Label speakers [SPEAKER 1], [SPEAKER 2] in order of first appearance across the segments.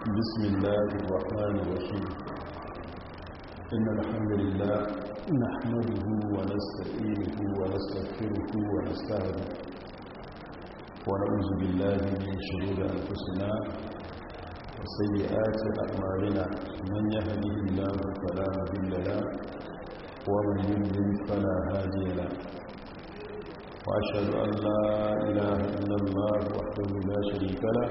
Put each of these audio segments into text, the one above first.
[SPEAKER 1] بسم الله الرحمن الرحيم إن الحمد لله نحمده ونستعينه ونستغفره ونستهده ونعوذ بالله من شرور أنفسنا وسيئات أعمالنا من يهده الله فلا مضل له ومن يضلل فلا هادي له وأشهد أن لا إله إلا الله وحده لا شريك له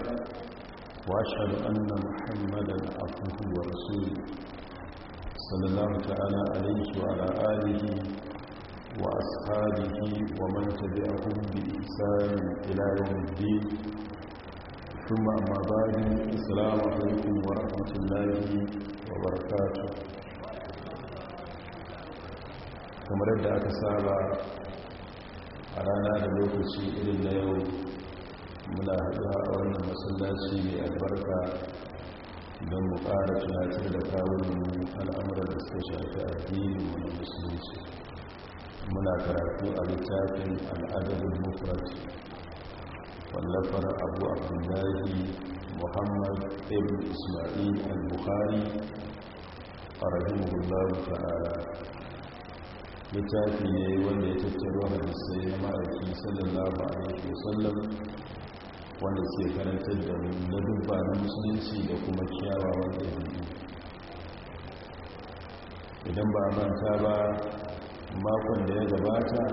[SPEAKER 1] وأشهد أن محمدا عبده ورسوله صلى الله تعالى عليه وعلى آله وأصحابه ومن تبعهم بإحسان إلى يوم الدين ثم أما بعد السلام عليكم ورحمة الله وبركاته kamar yadda aka saba a rana da lokaci irin na yau muna haɗuwa a wannan masallaci mai albarka don mu ƙara tunatar da kawunan al'amuran da suka shafi addini mu na musulunci muna karatu a littafin al'adabin mufrat wallafar abu abdullahi muhammad ibn ismail al-bukhari a rahimahullahu ta'ala littafi ne wanda ya tattaro hadisai na ma'aiki sallallahu alaihi wasallam wanda ke karantar da na dubba na musulunci da kuma kyawawan ɗabi'u idan ba manta ba makon da ya gabata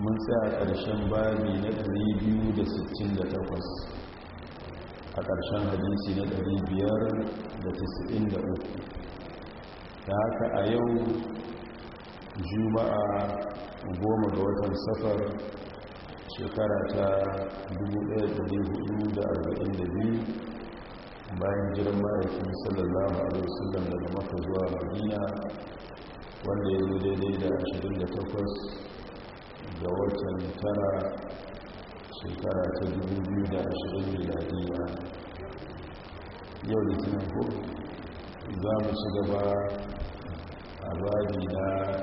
[SPEAKER 1] mun tsaya ƙarshen babi na 268 a ƙarshen hadisi na 593 da haka a yau juma'a goma ga watan safar shekara ta 1442 bayan jiran ma'aikin sallallahu alaihi wasallam daga maka zuwa madina wanda ya zo daidai da 28 ga watan tara shekara ta 2020 miladiya yau da litinin ko za mu ci gaba a babi na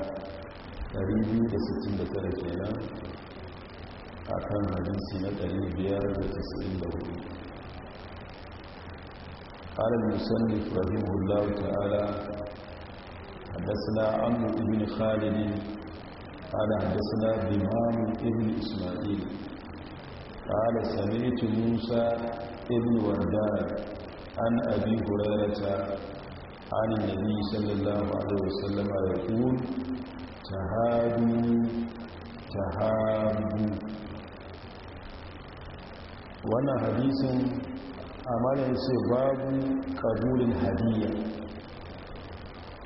[SPEAKER 1] 269 kenan a kan hadisi na 594 قال المسلم رحمه الله تعالى حدثنا عمرو بن خالد قال حدثنا بمام ابن إسماعيل قال سمعت موسى ابن وردان عن أبي هريرة عن النبي صلى الله عليه وسلم يقول تهادوا تهادوا wannan hadisin amana ya ce babu kabulin hadiyya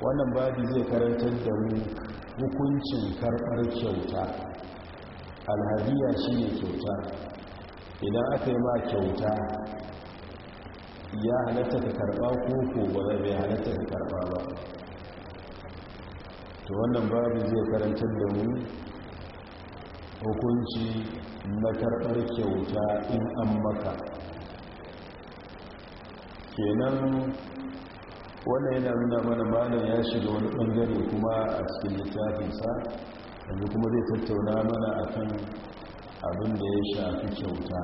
[SPEAKER 1] wannan babu zai karantar da mu hukuncin karɓar kyauta alhadiyya shi ne kyauta idan aka yi ma kyauta ya halatta ka karɓa ko ko ba zai halatta ka karɓa ba to wannan babu zai karantar da mu hukunci na karɓar kyauta in an maka kenan wannan yana nuna mana malam ya shiga wani ɓangare kuma a cikin littafinsa yanzu kuma zai tattauna mana a kan abin da ya shafi kyauta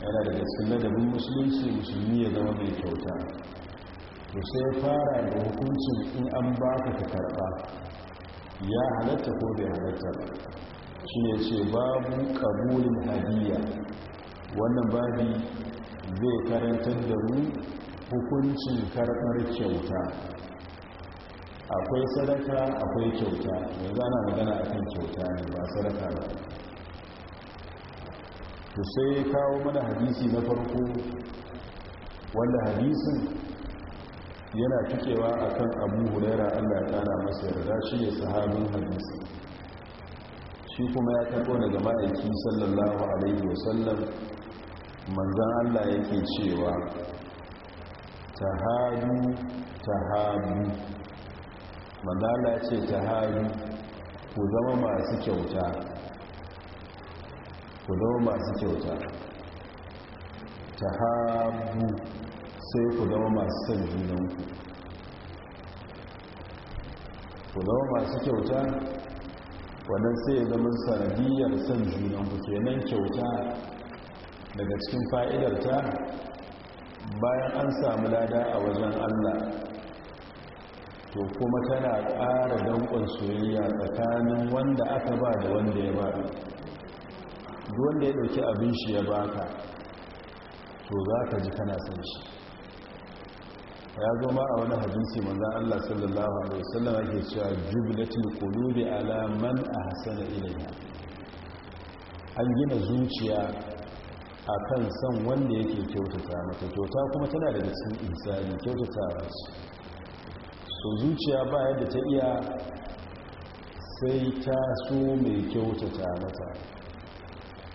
[SPEAKER 1] yana da cikin ladabin musulunci musulmi ya zama mai kyauta to sai fara da hukuncin in an baka ka karɓa ya halatta ko bai halatta ba shi ne ce babu ƙabulin hadiyya wannan babi zai karantar da mu hukuncin karɓar kyauta akwai sadaka akwai kyauta mai zana magana akan kyauta ne ba sadaka ba to sai kawo mana hadisi na farko wanda hadisin yana cikewa akan abu hulaira allah ya kara masa yarda shi ne sahabin hadisi shi kuma ya karɓo daga ma'aiki sallallahu alaihi wasallam manzan allah yake cewa Ta ta tahadu manzala ce ta tahadu ku zama masu kyauta ku zama masu kyauta ta tahabu sai ku zama masu son junanku ku zama masu kyauta wannan sai ya zama sanadiyar san junan ku kenan kyauta daga cikin fa'idarta bayan an samu lada a wajen allah to kuma tana ƙara danƙon soyayya tsakanin wanda aka ba da wanda ya ba duwanda ya ɗauki abin shi ya baka to za ka ji kana san shi ya zama a wani hadisi manzan Allah sallallahu alaihi wasallam ake cewa jubilatul qulubi alaman a hasana ilimi. an gina zuciya a kan san wanda yake kyautata mata kyauta kuma tana daga cikin insani kyautata so zuciya ba yadda ta iya sai ta so mai kyautata mata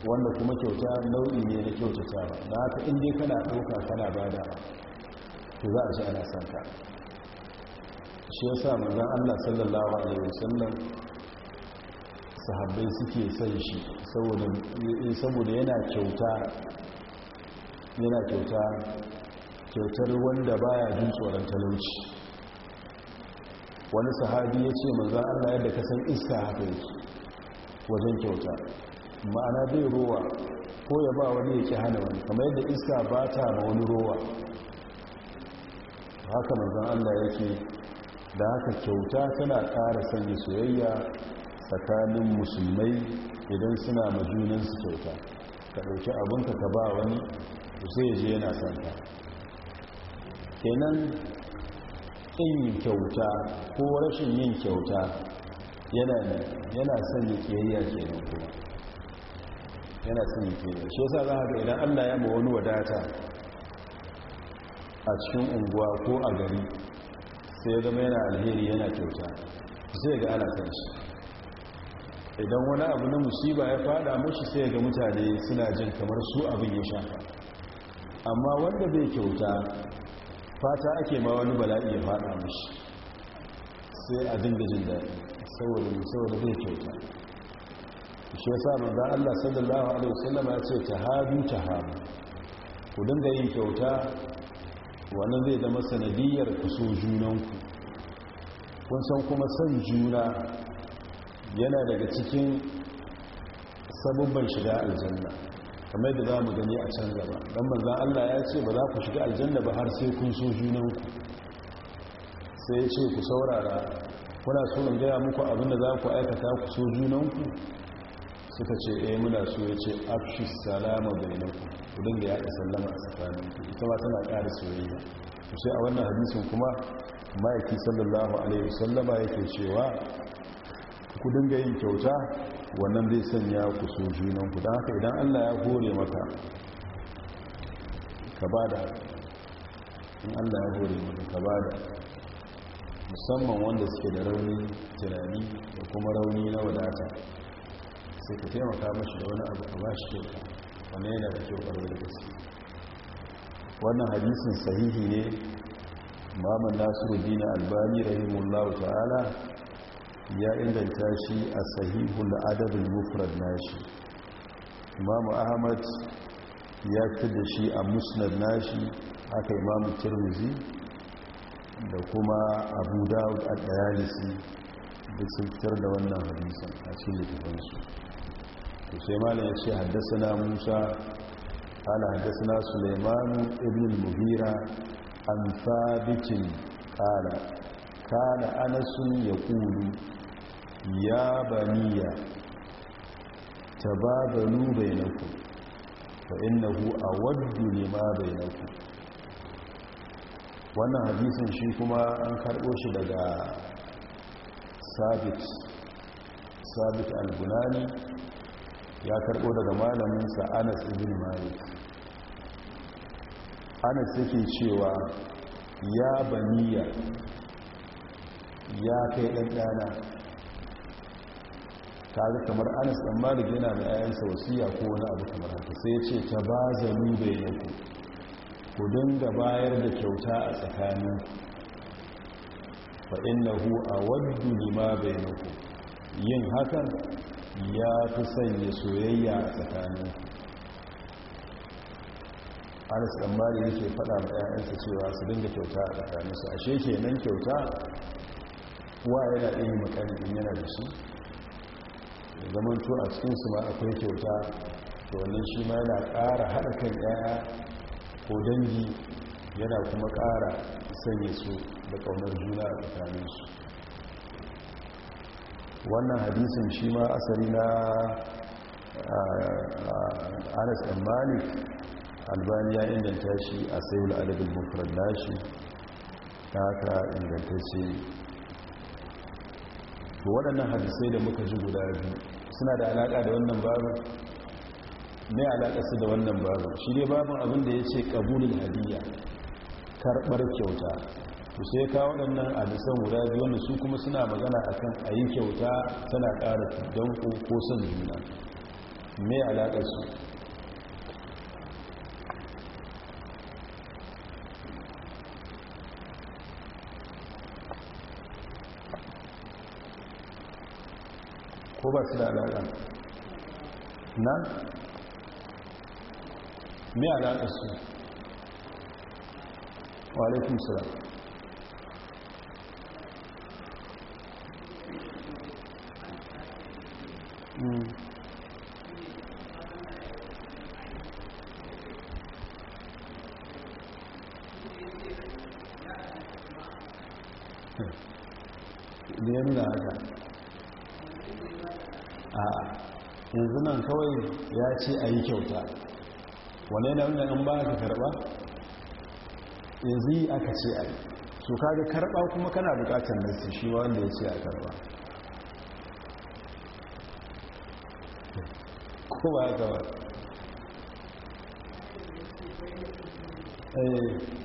[SPEAKER 1] wanda kuma kyauta nau'i ne na kyautata da haka inda kana ɗauka kana bada to za a ji ana son ka shi ya sa manzan allah sallallahu alaihi wasallam sahabbai suke son shi eh, saboda yana kyauta yana kyauta kyautar wanda baya jin tsoron talauci wani sahabi ya ce maza allah yadda ka san iska haka yake wajen kyauta ma'ana bai rowa ko ya ba wani ya ke hana wani kamar yadda iska ba ta ma wani rowa haka manzan Allah ya ce da haka kyauta tana ƙara sanya soyayya tsakanin musulmai idan suna majunansu kyauta ka ɗauki abinka ka ba wani sai je yana santa kenan ƙin yin kyauta ko rashin yin kyauta yana sanya ƙiyayya kenan kuma yana sanya ƙiyayya shi yasa za a ga idan allah ya ma wani wadata a cikin unguwa ko a gari sai ya zama yana alheri yana kyauta sai ga ana san idan wani abu na musiba ya fada mashi sai ga mutane suna jin kamar su abin ya shafa amma wanda bai kyauta fata ake ma wani bala'i ya fada mashi sai a dinga jin daɗi saboda bai kyauta shi yasa za Allah sallallahu alaihi wasallam ya ce ta tahabu ku dinga yin kyauta wannan zai zama sanadiyar ku so junanku kun san kuma san juna yana daga cikin sabubban shiga aljanna kamar da za mu gani a can gaba don manzan allah ya ce ba za ku shiga aljanna ba har sai kun so junanku sai ya ce ku saurara kuna so in gaya muku abinda za ku aikata ku so junanku suka ce eh muna so ya ce afshi salama bainakum ku dinga ya ka sallama a tsakanin ku ita ma tana ƙara soyayya ku sai a wannan hadisin kuma ma'aiki sallallahu alaihi wasallama yake cewa ku dinga yin kyauta wannan zai sanya ku so junan ku don haka idan Allah ya hore maka ka bada in Allah ya hore maka ka bada musamman wanda suke da rauni tunani da kuma rauni na wadata sai ka taimaka mashi da wani abu a bashi kyauta wannan yana da kyau gaske wannan hadisin sahihi ne Maman nasiru dina albani rahimullahu ta'ala ya inganta shi a sahihul adabul mufrad nashi imamu ahmad ya fitar da shi a musnad nashi haka imamu tirmizi da kuma abu dawud a dayalisi da sun fitar da wannan hadisin a cikin littafansu sai malam ya ce haddasa musa ana haddasa na suleimanu ibn muhira an sabikin kala kala anasun ya kulu ya baniya ta ba ganu bai naku ta inahu a waddu ne ma bai naku wannan hadisun shi kuma an karbo shi daga sabit sabit ya karɓo daga malaminsa anas ibn malik anas yake cewa ya baniya ya kai ɗanɗana zai kamar anas ɗan malik yana da ayan sausiya ko wani abu kamar haka sai ce ta ba zalu bai yanku ku dinga bayar da kyauta a tsakanin fa'in na hu a wadda lima bai yanku yin hakan ya fi sanya soyayya a tsakanin alis ɗanbari yake faɗa ma 'ya'yansa cewa su dinga kyauta a tsakanin su ashe nan kyauta wa yana ɗaya makani in yana da su. zaman to a cikinsu ma akwai kyauta to wannan shi ma yana ƙara haɗa kan 'ya'ya ko dangi yana kuma ƙara sanya su da ƙaunar juna a tsakanin su wannan hadisin shi ma asali na ah, anas ɗan malik albaniya inganta shi a sayul adadin mufrad nashi ta haka shi. to waɗannan hadisai da muka ji guda biyu suna da alaƙa da wannan babu mai alaƙa su da wannan babu shi ne babin abin da ya ce ƙabunin hadiyya karɓar kyauta to sai ka waɗannan hadisan guda biyu wanda su kuma suna magana akan a yi kyauta tana ƙara danko ko son juna me alaƙar su ko ba su da alaƙa na me alaƙar su wa alaikun salam ce a yi kyauta wane da wanda an ba ka karɓa yanzu yi aka ce a yi so kaga karɓa kuma kana bukatar nasi shi wanda ya ce a karɓa ko ba haka
[SPEAKER 2] eh.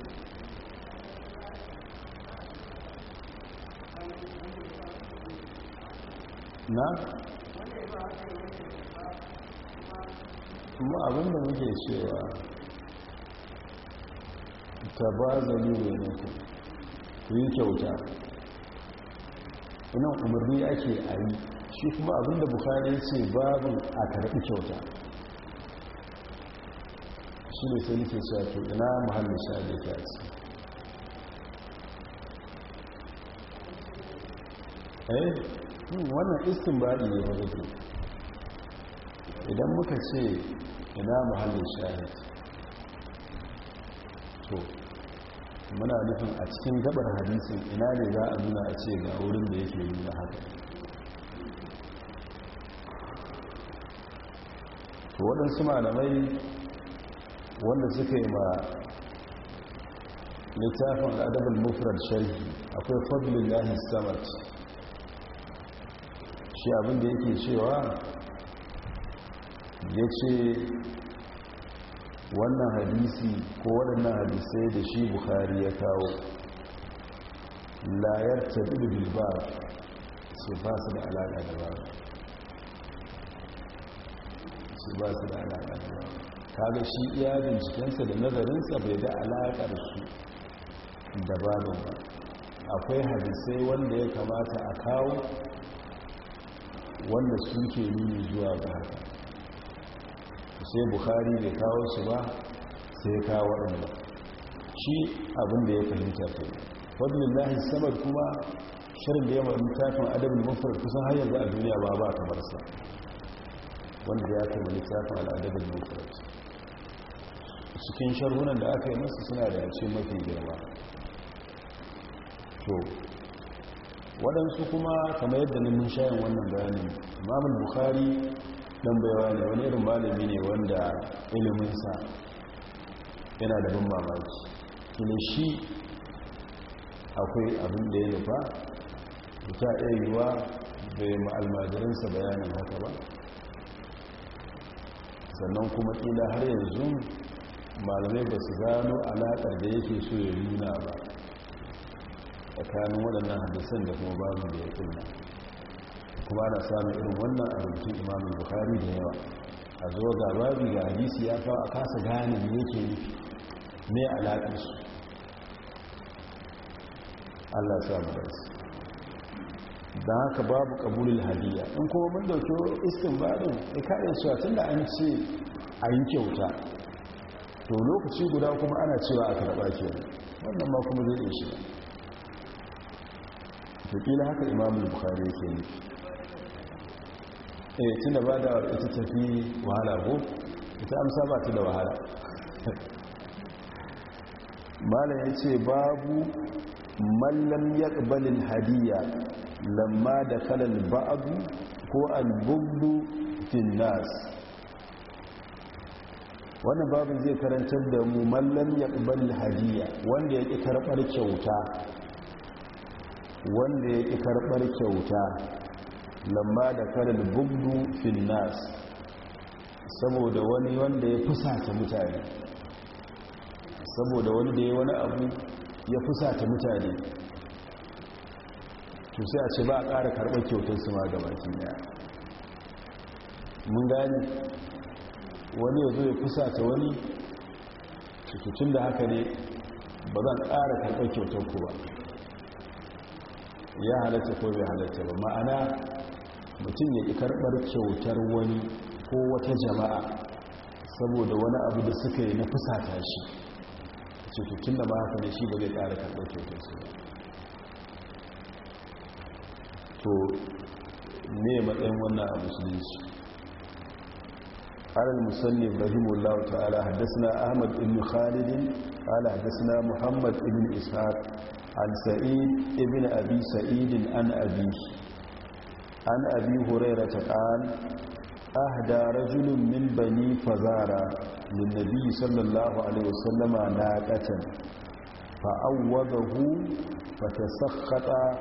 [SPEAKER 1] na abin da muke cewa ta ba zali ne ku yi kyauta inan umarni ake a yi shi kuma abin da bukari ce babu a karɓi kyauta shi ne sai nake cewa to ina muhallin shaɗe ta ce eh hmm, wannan istinbadi ne ba idan muka ce ina muhallin shahid to muna nufin a cikin gabar hadisin ina ne za a nuna a ce ga wurin da yake nuna haka to waɗansu malamai wanda suka yi ma littafin adabin mufrad sharhi akwai fadlin lahi samad shi abinda yake cewa ya ce wannan hadisi ko waɗannan hadisai da shi buhari ya kawo layar tabiru bilba su ba su da alaƙa da ba su ba su da alaƙa da ba kaga shi iya bincikensa da nazarinsa bai da alaƙar su da babin ba akwai hadisai wanda ya kamata a kawo wanda suke nuni zuwa ga haka sai buhari bai kawo su ba sai kawo waɗanda shi abinda ya fahimta ke fadlillahi samad kuma shirin da ya mara littafin adabin mafarar kusan har yanzu a duniya ba ba kamar sa wanda ya kama littafin al'adabin mafarar cikin sharhunan da aka yi masu suna da ce mafi girma to waɗansu kuma kamar yadda na mun shayin wannan bayanin imamul bukhari tambayawa baiwa wani irin malami ne wanda iliminsa yana da ban mamaki kuma shi akwai abin da ya nufa ta iya bai ma'almajirinsa bayanin haka ba sannan kuma ƙila har yanzu malamai ba su gano alaƙar da yake so ya nuna ba tsakanin waɗannan hadisan da kuma babu da ya ƙunna kuma ana samun irin wannan abincin imamun bukari da yawa a zo ga babi ga hadisi ya kawo a kasa gane me yake nufi me alaƙarsu allah samu gaisu da haka babu ƙabulil hadiya in kuma mun dauke iskin barin ya kayan su a tunda an ce a yi kyauta to lokaci guda kuma ana cewa a karɓa ke wannan ma kuma zai iya shi ta haka imamun bukari yake nufi eh tunda ba da ita tafi wahala ko ita amsa ba ta da wahala malam yace ce babu mallam ya ƙabalin hadiyya lamma da kalan ba'abu ko fil nas wannan babin zai karantar da mu mallam ya ƙabalin hadiyya wanda ya karbar kyauta wanda yake karbar kyauta lamma da karar bugdu fil nas saboda wani wanda ya fusata mutane saboda wani da ya wani abu ya fusata mutane to sai a ce ba a ƙara karɓar kyautar su ma baki ɗaya. mun gani wani ya zo ya fusata wani cikin da haka ne ba zan ƙara karɓar kyautar ku ba ya halatta ko bai halatta ba ma'ana mutum ya karɓar kyautar wani ko wata jama'a saboda wani abu da suka yi na fusata shi cututun da ba haka ne shi ba zai ƙara karɓar kyautar su to ne matsayin wannan a musulunci قال المسلم رحمه الله تعالى حدثنا أحمد ibn خالد قال حدثنا Muhammad, Ibn إسحاق عن سعيد ابن أبي سعيد عن أبيه an abi huraira ta ƙal ahda rajulun min bani fazara linnabi sallallahu alaihi wasallama na ƙatan fa'awwadahu fatasakhata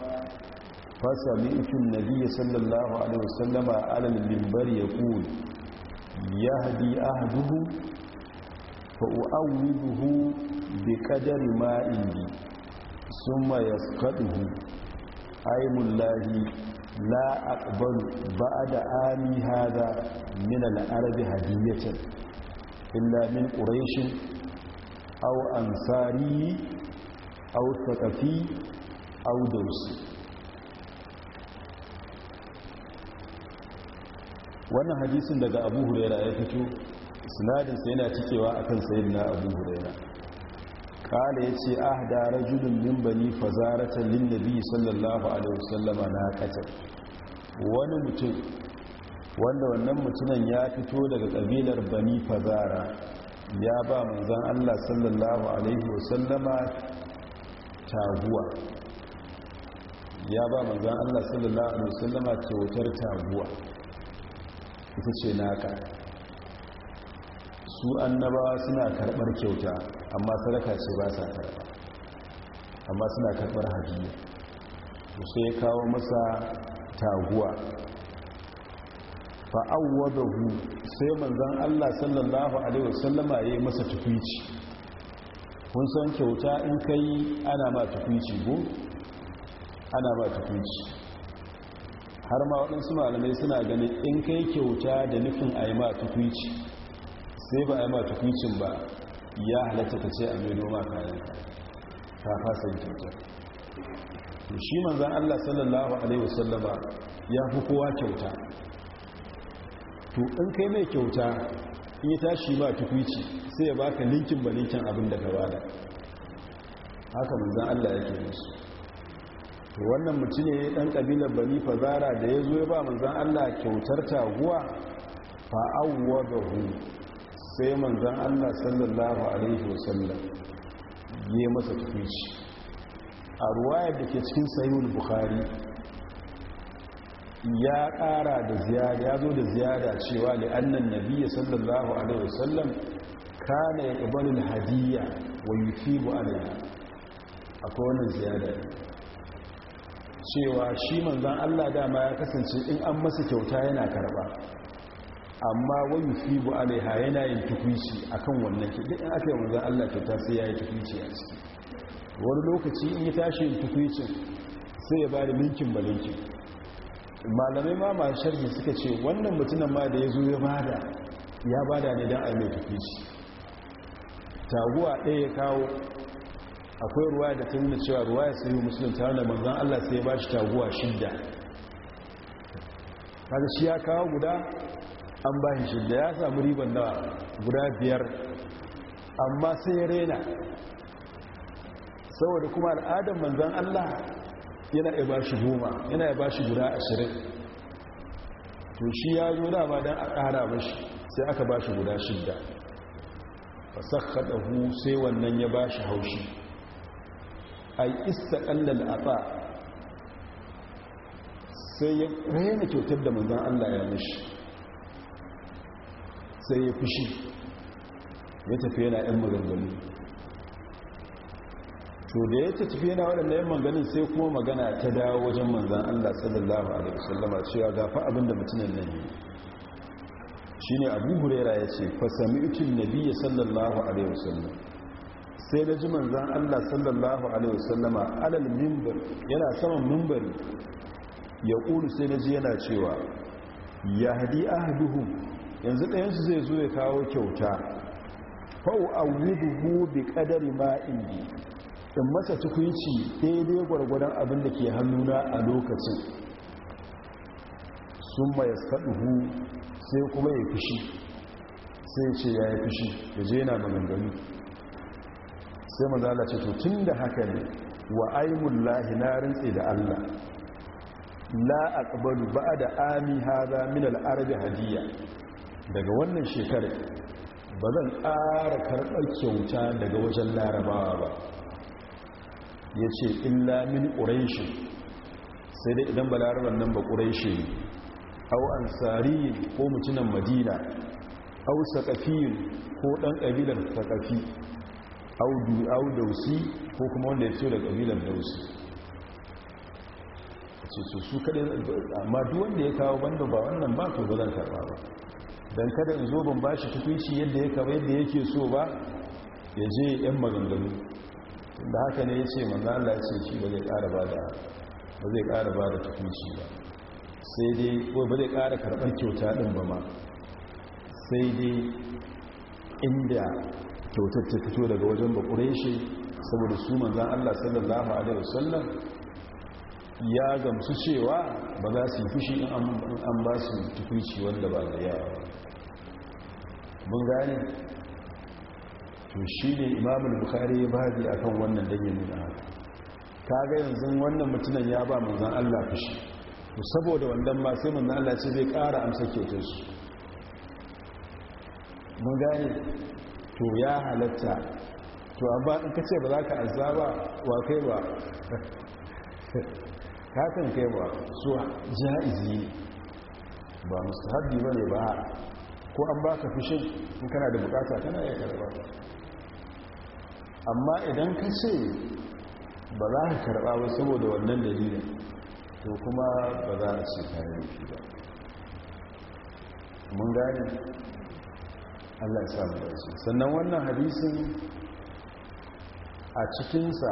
[SPEAKER 1] fasami'tu an-nabiy sallallahu alaihi wasallama ala al-minbar yaqul yahdi ahduhu fa'u'awwiduhu biqadari ma indi summa yasqaduhu la aqbalu ba'da ami hadha min al-arab hadiyatan illa min quraish aw ansari aw thaqafi aw dausi wannan hadisin daga abu huraira ya fito sinadinsa yana cikewa akan sayyidina abu huraira kala ya ce ah da rajulun min bani fazaratan lin nabi sallallahu alaihi wasallama na katar wani mutum wanda wannan mutumin ya fito daga ƙabilar bani fazara ya ba manzan allah sallallahu alaihi wasallama taguwa ya ba manzan allah sallallahu alaihi wasallama kyautar taguwa ita ce naka su annabawa suna karɓar kyauta amma sadaka ce ba sa karɓa amma suna karɓar hadiya sai kawo masa taguwa fa'awwadahu sai manzon Allah sallallahu alaihi wasallama yayi masa tukwici kun san kyauta in kai ana ma tukwici go ana ma tukwici har ma waɗansu malamai suna ganin in kai kyauta da nufin a yi ma tukwici sai ba a yi ma tukwicin ba ya halatta ka ce a mai noma kayan ka fasa kyauta. to shi manzan Allah sallallahu alaihi wasallama ya fi kowa kyauta to in kai mai kyauta in ya tashi ba tukwici sai ya baka linkin ba linkin abin da gaba da haka manzan Allah yake musu to wannan mutum ne dan kabilar bani fazara da ya zo ya ba manzan Allah kyautar taguwa fa hu sai manzan Allah sallallahu alaihi wasallam ya masa tukwici a ruwayar da ke cikin sayul bukhari ya ƙara da ziyada ya zo da ziyada cewa da annan nabiya sallallahu alaihi wasallam kana ya ƙabalin hadiyya wa yufibu alaiya a kowane ziyada cewa shi manzan allah dama ya kasance in an masa kyauta yana karba amma wani fibu alaiha yana yin tukunci a kan wannan kiɗin aka yi wanzan allah kyauta sai ya yi tukunci a ciki wani lokaci in yi tashi tukwicin sai ya bada da ba linkin malamai ma masu sharhi suka ce wannan mutunan ma da ya zo ya bada ya bada ne don aime tukwici taguwa ɗaya ya kawo akwai ruwa da ta nuna cewa ruwa ya sayi musulun ta da manzan allah sai ya ba shi taguwa shidda kada shi ya kawo guda an ba shi shidda ya samu riban da guda biyar amma sai ya rena saboda kuma al'adar manzan Allah yana ya ba shi goma yana ya ba shi guda ashirin to shi ya zo dama don a ƙara mashi sai aka ba shi guda shidda fasakkaɗahu sai wannan ya ba shi haushi a yi a aɓa sai ya raina kyautar da manzan Allah ya mashi sai ya fushi ya tafi yana ‘yan maganganu to da ya ta tafiye yana waɗanda yin maganin sai kuma magana ta dawo wajen manzan Allah sallallahu alaihi wasallama cewa gafa abinda abin da yi nan ne Abu Huraira ya ce fa ikin nabiya sallallahu alaihi wasallam sai da ji manzan Allah sallallahu alaihi wasallama alal mimbar. yana saman mimbari. ya ƙulu sai da ji yana cewa ya hadi ahduhum yanzu ɗayansu zai zo ya kawo kyauta fa'u awwiduhu bi qadari ma indi in masa tukunci daidai gwargwadon abin da ke hannuna a lokacin sun mai hu sai kuma ya fushi sai ce ya yi fushi da je na sai mazala ce tun da haka ne wa aimun lahi na rintse da allah la aqbalu da ami haza min al'arabi Hadiyya, daga wannan shekarar ba zan ƙara karɓar kyauta daga wajen larabawa ba ya ce illa min ƙuraishi sai dai idan balarabar nan ba ƙuraishi ne au ansari ko mutunan madina au saƙafiyin ko ɗan ƙabilar saƙafi au dausi ko kuma wanda ya ce da ƙabilar dausi su su kaɗai amma wanda ya kawo banda ba wannan ba ko ba zan karɓa ba don kada in zo ban ba shi tukunci yadda ya kawo yadda yake so ba ya je yan maganganu da haka ne ya ce manzo ya ce shi ba zai ƙara ba da ba ba sai dai ko ba zai ƙara karɓar kyauta ɗin ba ma sai dai inda kyautar ta fito daga wajen ƙure shi saboda su manzan Allah sallallahu alaihi wasallam ya gamsu cewa ba za su yi fushi in an ba su tukunci wanda ba da yawa mun gane to shi ne imamul bukari ya babi a kan wannan don yin nuna haka ta ga yanzu wannan mutunan ya ba manzan allah fushi to saboda wannan ma sai manzan allah ce zai kara amsa su. mun gane to ya halatta to amma in ka ce ba za ka azaba wa kai ba kakan kai ba su ja'izi ba musu haɗi ba ne ba ko an ba ka fushin in kana da bukata kana yi karba amma idan ka ce ba za ka karɓa ba saboda wannan dalilin to kuma ba za a ce ta yi shi ba mun gane allah ya samu da su sannan wannan hadisin a cikinsa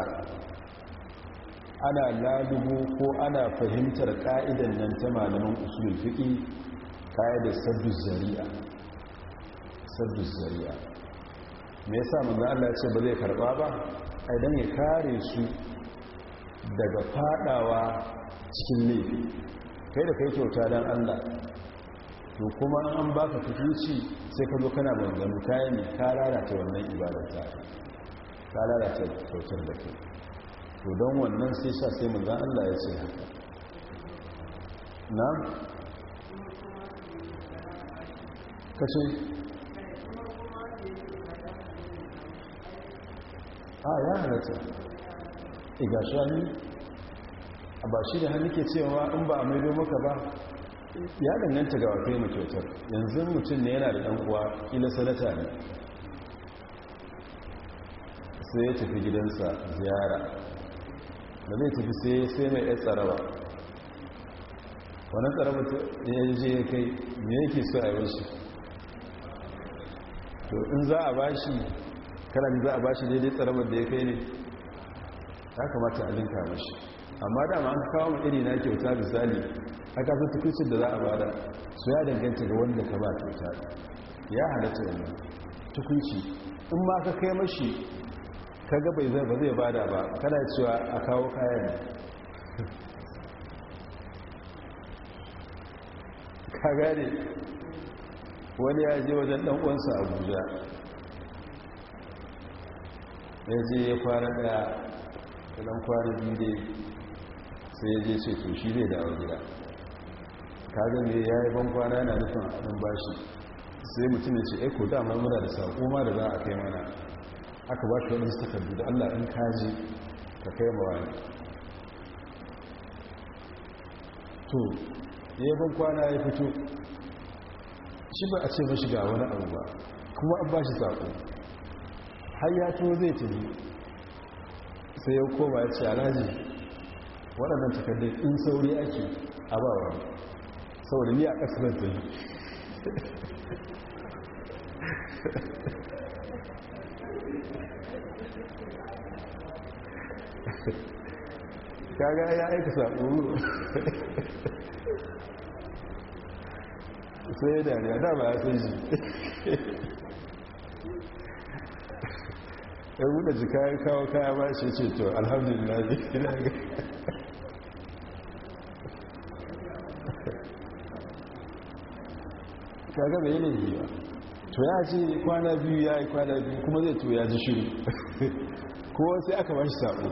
[SPEAKER 1] ana lalubo ko ana fahimtar ka'idan nan ta malamin usulun fiƙi ka'idar sabbin zari'a me yasa manzo Allah ya ce ba zai karba ba ai dan ya kare su daga fadawa cikin laifi kai da kai kyauta dan Allah to kuma an baka fituci sai ka zo kana bangano kai ne ka lalata wannan ibadar ta ka lalata kyautar da kai to don wannan sai sa sai manzo Allah ya ce haka na kace a ya halatta iga eh, shani a ba shi da hannu ke cewa in ba a maido maka ba ya danganta ga wakai mu kyautar yanzu mutum ne yana da ɗan uwa ila sanata ne sai ya tafi gidansa ziyara da zai tafi sai mai ya tsarawa wani tsarawa ya je ya kai me yake so a yi wasu to in za a bashi kana za a bashi daidai tsaramar da ya kai ne ya kamata a linka mashi amma dama an kawo mai iri na kyauta misali a fi tukucin da za a bada su ya danganta ga wanda ka ba kyauta ya halatta wannan tukunci in ma ka kai mashi ka ga bai zai ba zai bada ba kana cewa a kawo kayan ka gane wani ya je wajen ɗan'uwansa abuja ya je ya fara daya idan kwana biyu dai sai ya je ce to shi zai dawo gida ka me ya yi ban kwana yana nufin abin bashi sai mutum ya ce eko dama muna da saƙo ma da za a kai mana aka ba ka wani takardu da allah in kaji ka kai mawa. to ya ban kwana ya fito shi ba a ce mashi ga wani abu ba kuma an bashi shi saƙo har ya to zai tafi sai ya koma ya ce alhaji waɗannan takardun in sauri ake a ba wa saboda ni a ƙasar ta yi kaga ya aika saɓo sai ya dariya dama ya sai shi ya buɗe jika ya kawo kaya ba shi ce to alhamdulillah da kira ga kaga bai laifi ba to ya ce kwana biyu ya yi kwana biyu kuma zai to ya ji shiru ko sai aka ba shi sabo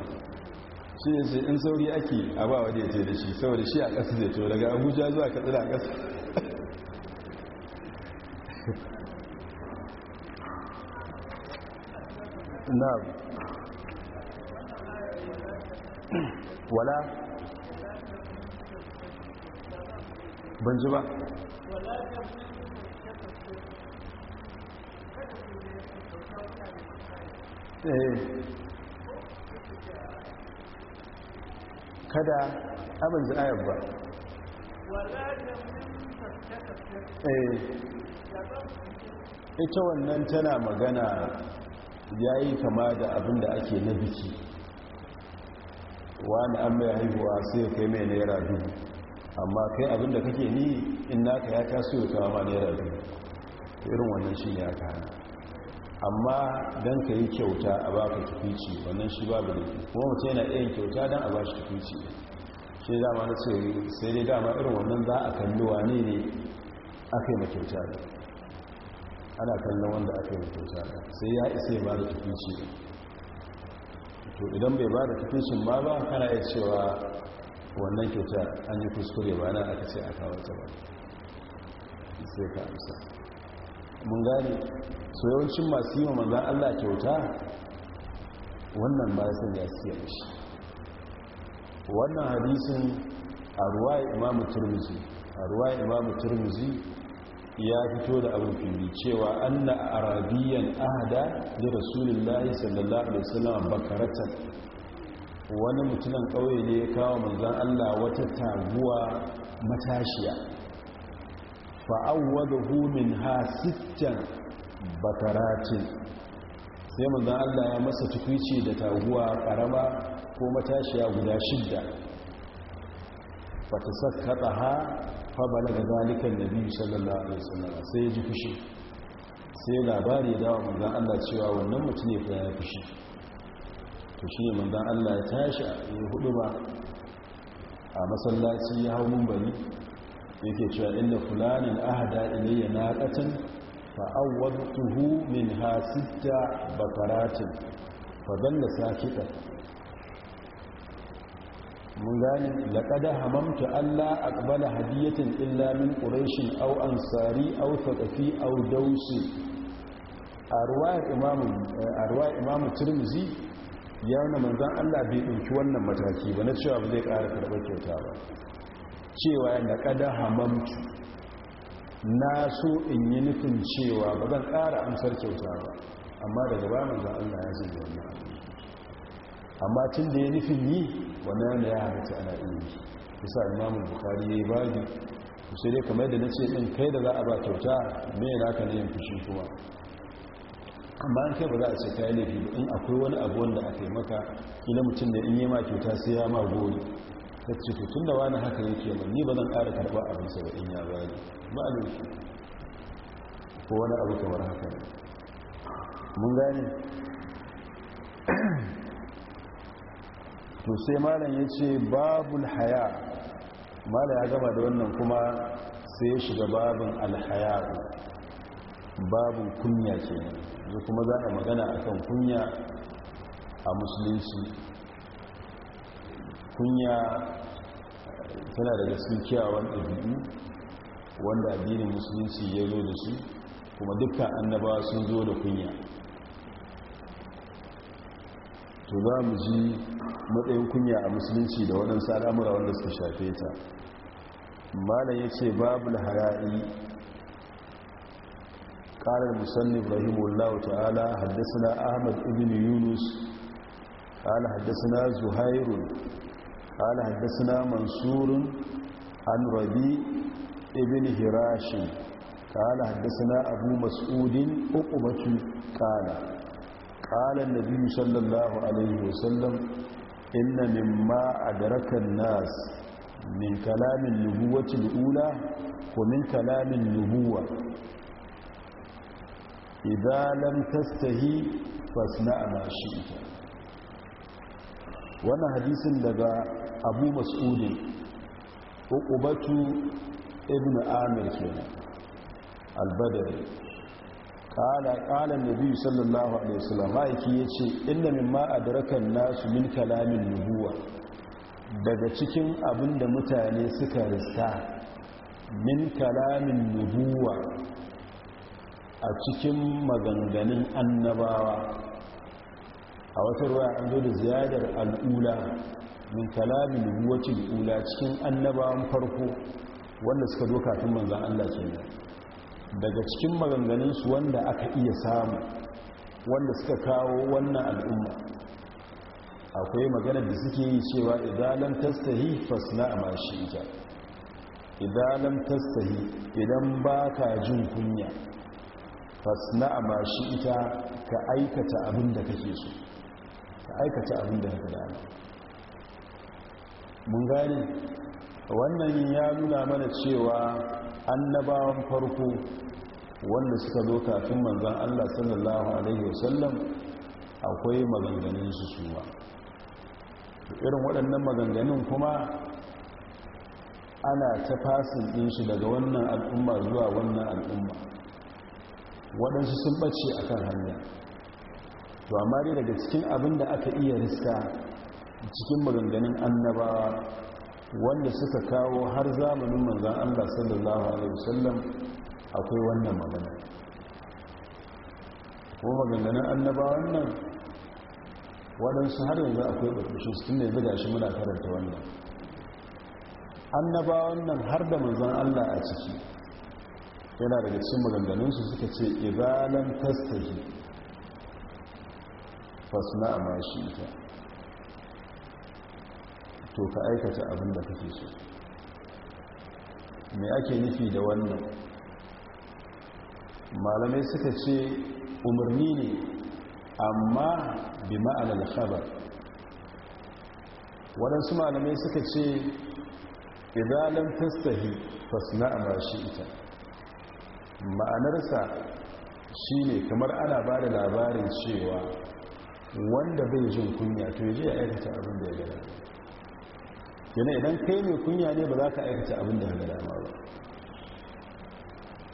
[SPEAKER 1] shi ne ce in sauri ake abawa da ya ce da shi saboda shi a ƙasa zai to daga abuja zuwa katsina a ƙasa na'am wala
[SPEAKER 2] ban ji ba eh.
[SPEAKER 1] kada abin ji ayar ba eh. ita wannan tana magana ya yi kama da abin da ake na biki wani an mai haihuwa sai kai mai naira dubu amma kai abin da kake ni in naka ya kasu ya kama ma naira dubu irin wannan shi ne aka hana amma don ka yi kyauta a ba ka tufici wannan shi babu ne kuma mace yana iya kyauta don a ba shi tufici shi dama na ce sai dai dama irin wannan za a kalli wane ne aka yi makyauta da ana kallon wanda aka yi kyauta sai ya isa ya ba da tukunci to idan bai ba da tukuncin ba ba kana iya cewa wannan kyauta an yi kuskure ba na aka ce a kawo ta ba sai ka amsa mun gane so yawancin masu yi wa manzan allah kyauta wannan ba sun ya siya shi wannan hadisin a ruwa imamu turmizi a ruwa imamu turmizi ya fito da abin fili cewa a arabiyan ahada da rasulullahi sallallahu alaihi wasallam bakaratan wani mutumin kauye ne ya kawo manzon Allah wata taguwa matashiya fa awwadahu ha sittan bakaratin sai manzon Allah ya masa tukwici da taguwa karama ko matashiya guda shidda ha fabala ga zalikan da biyu sallallahu alaihi wasallam sai ya ji fushi sai labari da wa manzan Allah cewa wannan mutum ne fa ya fushi to shi ne manzan Allah ya tashi a hudu ba a masallaci ya hau mumbari yake cewa inda fulanin ahada ilayya naqatan fa tuhu min hasita bakaratin fa dalla sakita mun gani laƙada hamamta allah aqbala hadiyatin illa min ƙureshin au ansari au faƙafi au dausi a ruwayar imamu turmizi ya wani manzan allah bai ɗauki wannan mataki ba na cewa ba zai ƙara karɓar kyauta ba cewa laƙada hamamtu na so in yi nufin cewa ba zan ƙara amsar kyauta ba amma daga ba manzan allah ya zai wannan amma tun da ya nufin yi wannan wanda ya halarci ana iya yi kusa imamu bukari ya yi baji sai dai kamar da na ce ɗin kai da za a ba kyauta mai naka ne yin fushi kuma amma an kai ba za a ce kayan laifi ba in akwai wani abu wanda a taimaka, maka mutum da in yi ma kyauta sai ya ma gori ta ce ku tun da wani haka yake ba ni ba zan ƙara karɓa abinsa ba in ya bani ba a laifi ko wani abu kamar haka ne mun gane to sai malam ya ce babul haya malam ya gama da wannan kuma sai ya shiga babin alhaya babin kunya ce ne kuma za a magana akan kunya a musulunci kunya tana daga cikin kiyawan ɗabi'u wanda addinin musulunci ya zo da su kuma dukkan annabawa sun zo da kunya to za mu ji matsayin kunya a musulunci da waɗansu al'amura wanda suka shafe ta mana ya ce babu hara'i ƙarar musallin rahimullahu ta'ala haddasa ahmad ibn yunus ƙala haddasa na zuhairun ƙala haddasa na mansurun an rabi ibn hirashin ƙala haddasa na abu mas'udin ƙuƙumatu ƙala ƙalar da biyu sallallahu alaihi wasallam inna mimma a darakan nas min kalamin nubuwaci ula ko min kalamin nubuwa idalan tastahi fasna a mashi ita wannan hadisin daga abu mas'udin U'ubatu ibn amir kenan albadari kala kala nabi sallallahu alaihi wasallam aiki yace inna mimma adrakan nasu min kalamin nubuwa daga cikin abinda mutane suka rista min kalamin nubuwa a cikin maganganun annabawa a wata ruwa an zo da ziyadar al'ula min kalamin nubuwacin ula cikin annabawan farko wanda suka zo kafin manzan Allah kenan daga cikin maganganunsu wanda aka iya samu wanda suka kawo wannan al'umma akwai maganar da suke yi cewa idalan tastahi fasna a mashi ita idalan tastahi idan ba ka jin kunya fasna a mashi ita ka aikata abin da kake so ka aikata abin da kake dama mun gane wannan ya nuna mana cewa annabawan farko wanda suka zo kafin manzan Allah sallallahu alaihi wasallam akwai maganganin su suwa irin waɗannan maganganun kuma ana ta fasin ɗin shi daga wannan al'umma zuwa wannan al'umma waɗansu sun ɓace a kan hanya to amma dai daga cikin abin da aka iya riska cikin maganganun annabawa wanda suka kawo har zamanin manzan Allah sallallahu alaihi wasallam akwai wannan magana ko maganganun annabawan nan waɗansu har yanzu akwai ɓarɓashin su tunda yanzu shi muna karanta wannan annabawan nan har da manzan Allah a ciki yana daga cikin maganganunsu suka ce izalan tastahi fasna a mashi ita to ka aikata abin da kake so me ake nufi da wannan malamai suka ce umarni ne amma bi ma'anar khabar waɗansu malamai suka ce idanun tastahi fasna a mashi ita ma'anarsa shi ne kamar ana ba da labarin cewa wanda bai jin kunya to ya je ya aikata abin da ya gada yana idan kai mai kunya ne ba za ka aikata abin da hanga dama ba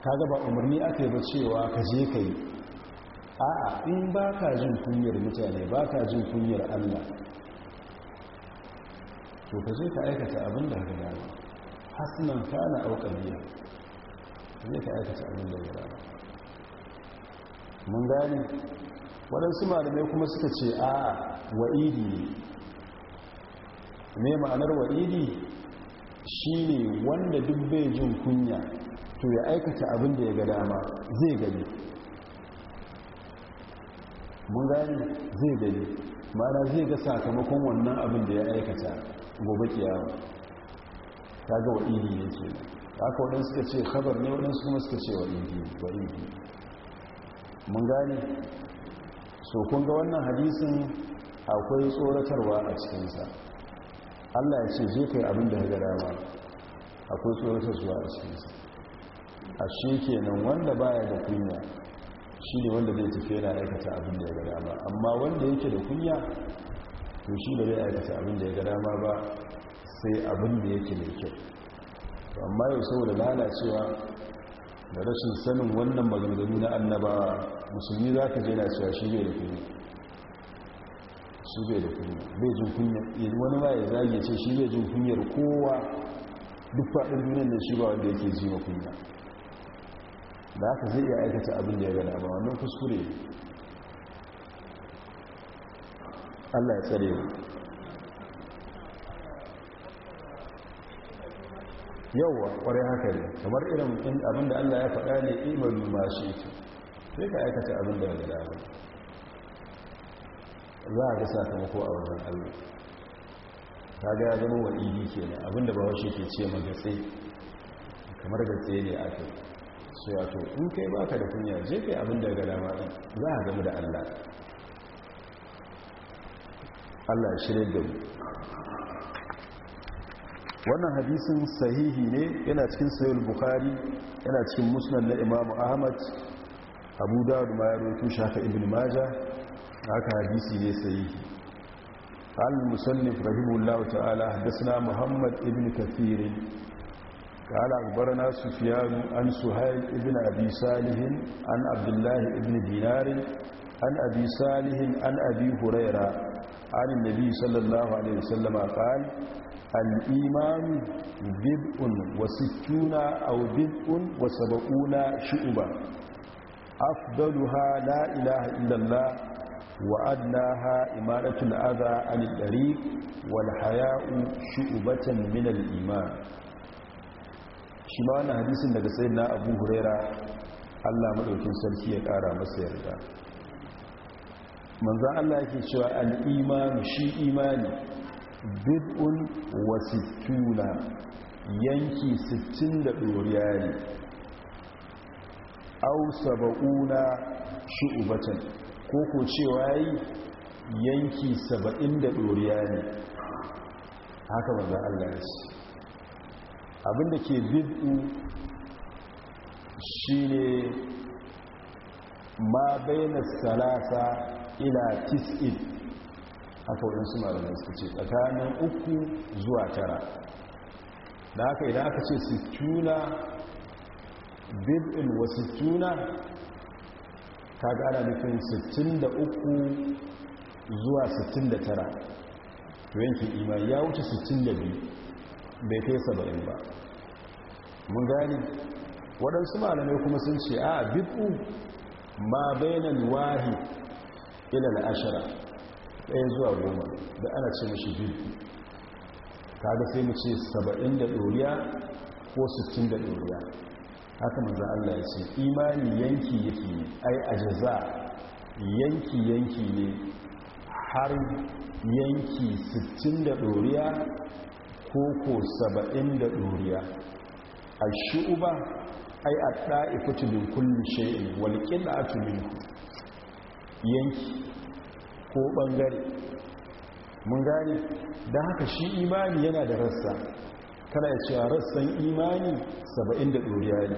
[SPEAKER 1] ka gaba umarni aka yi ba cewa ka je ka yi a'a in ba ka jin kunyar mutane ba ka jin kunyar allah to ka je ka aikata abin da hanga dama hasinan kana auƙabiya zai ka aikata abin da hanga dama mun gane waɗansu malamai kuma suka ce a'a wa'idi ne me ma'anar wa'idi shi ne wanda duk bai jin kunya to ya aikata abin da ya ga dama zai gani mun gani zai gani mana zai ga sakamakon wannan abin da ya aikata gobe kiyawa ta ga wa'idi ne ke aka waɗansu suka ce khabar ne waɗansu kuma suka ce wa'idi mun gani so kun ga wannan hadisin akwai tsoratarwa a cikinsa allah ya ce zai kai abin da ga dama akwai tsoratar zuwa a cikinsa a shi kenan wanda baya da kunya shi ne wanda zai tafiye na aikata abin da ya gada dama amma wanda yake da kunya to shi da zai aikata abin da ya gada dama ba sai abin da yake mai kyau amma yau saboda lalacewa da rashin sanin wannan maganganu na annabawa musulmi za ka je cewa shi ne da kunya shi bai da kunya zai jin kunya wani ma ya zage ce shi zai jin kunyar kowa duk faɗin duniyar da shi ba wanda yake ji ma kunya da haka zai iya aikata abin da ya gada ba wannan kuskure Allah ya tsare mu yawwa kwarai haka ne kamar irin abin da Allah ya faɗa ne imanin masu ita sai ka aikata abin da ya gada ba za a ga sakamako a wajen allah ta ga ya zama ibi ke ne abinda ba washe ke ce magatse kamar gatse ne aka su to in kai baka da kunya je abinda ga dama ɗin za a gamu da allah allah shirin da mu wannan hadisin sahihi ne yana cikin sayul bukari yana cikin musulman na imamu ahmad abu dawud ma ya roto shafa ibn maja haka hadisi ne sai al-musannif rahimullahu ta'ala muhammad ibn kathir qala akhbarana sufyan an suhayl ibn abi ibn dinar an abi salih an abi hurayra an nabi sallallahu alayhi wasallam qala al la ilaha illallah وأدناها إمارة الأذى عن الطريق والحياء شعبة من الإيمان شما أن حديث النبي سيدنا أبو هريرة الله مدوكين سلسية قارة مسيرة manzan Allah yake cewa al'imanu shi imani bid'un wa sittuna yanki sittin da ɗoriya ne au saba'una shi'ubatan ko ko cewa yi yanki saba'in da ɗoriya ne haka maza Allah ya ce abinda ke bid'u shi ne ma bayyana salasa ila tis'in haka mara da suka ce tsakanin uku zuwa tara da haka idan aka ce sittuna bid'in wa sittuna ta gara nufin 63 zuwa 69 to yankin imani ya wuce 62 bai kai 70 ba mun gani waɗansu malamai kuma sun ce a biku ma bainan wahi ila ilal ashara ɗaya zuwa goma da ana ce mashi ta ga sai mace ce 70 da ɗoriya ko 60 da ɗoriya haka manzan Allah ya ce imani yanki yake ne ai a jaza yanki yanki ne har yanki 60 da ɗoriya ko ko 70 da ɗoriya a shi'uba ai a ɗa'ifatu min kulli shay'in wal qil'atu minhu yanki ko ɓangare mun gane don haka shi imani yana da rassa kana ya cewa rassan imani saba'in da ɗoriya ne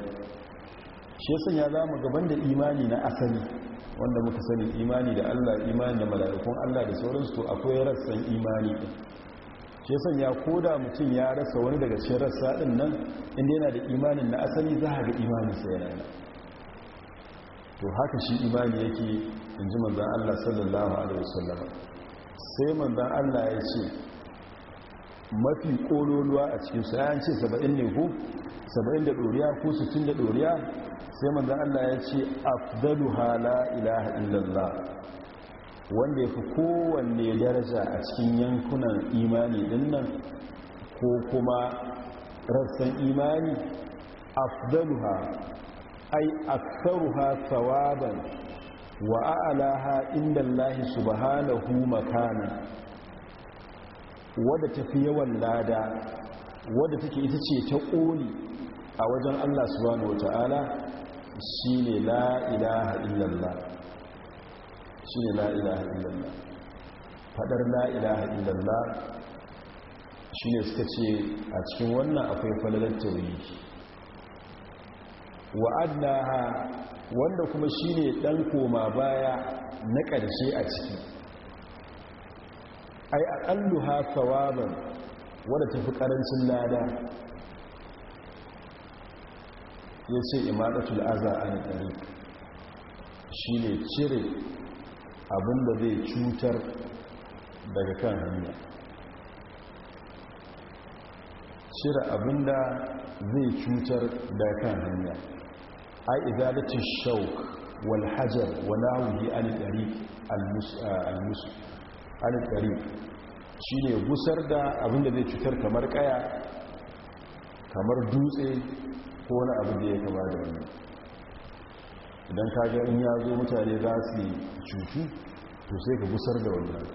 [SPEAKER 1] shi yasan ya zama gaban da imani na asali wanda muka sani imani da allah imani da mala'ikun allah da sauransu to akwai rassan imani ɗin shi yasan ya koda mutum ya rasa wani daga cikin rassa ɗin nan inda yana da imanin na asali za a ga imaninsa yana nan to haka shi imani yake in ji manzan allah sallallahu alaihi wasallam sai manzan allah ya ce mafi ƙololuwa a cikin sayan ce saba'in ne ku saba'in da ɗoriya ko sittin da ɗoriya sai manzan Allah ya ce afdalu hala ilaha illallah wanda ya fi kowanne daraja a cikin yankunan imani dinnan ko kuma rassan imani ha ai ha tsawaban wa'ala ha inda Allah subhanahu makana wadda ta fi yawan lada wadda take ita ce ta ƙoli a wajen allah subhanahu wata'ala shi ne la'ilaha illallah shi ne la'ilaha illallah faɗar la'ilaha illallah shi ne suka ce a cikin wannan akwai falalar tauri wa'adnaha wanda kuma shi ne ɗan koma baya na ƙarshe a ciki ai aqalluha sawaban wanda tafi karancin lada yace imadatul azza an tariq shine cire abin da zai cutar daga kan hanya cire abin da zai cutar daga kan hanya ai izalatul shawk wal hajar wa lahu bi an tariq al-musa alkari shi ne gusar da abinda zai cutar kamar kaya kamar dutse ko wani abu da ya kama da wani idan kaga in ya zo mutane za su cutu to sai ka gusar da wannan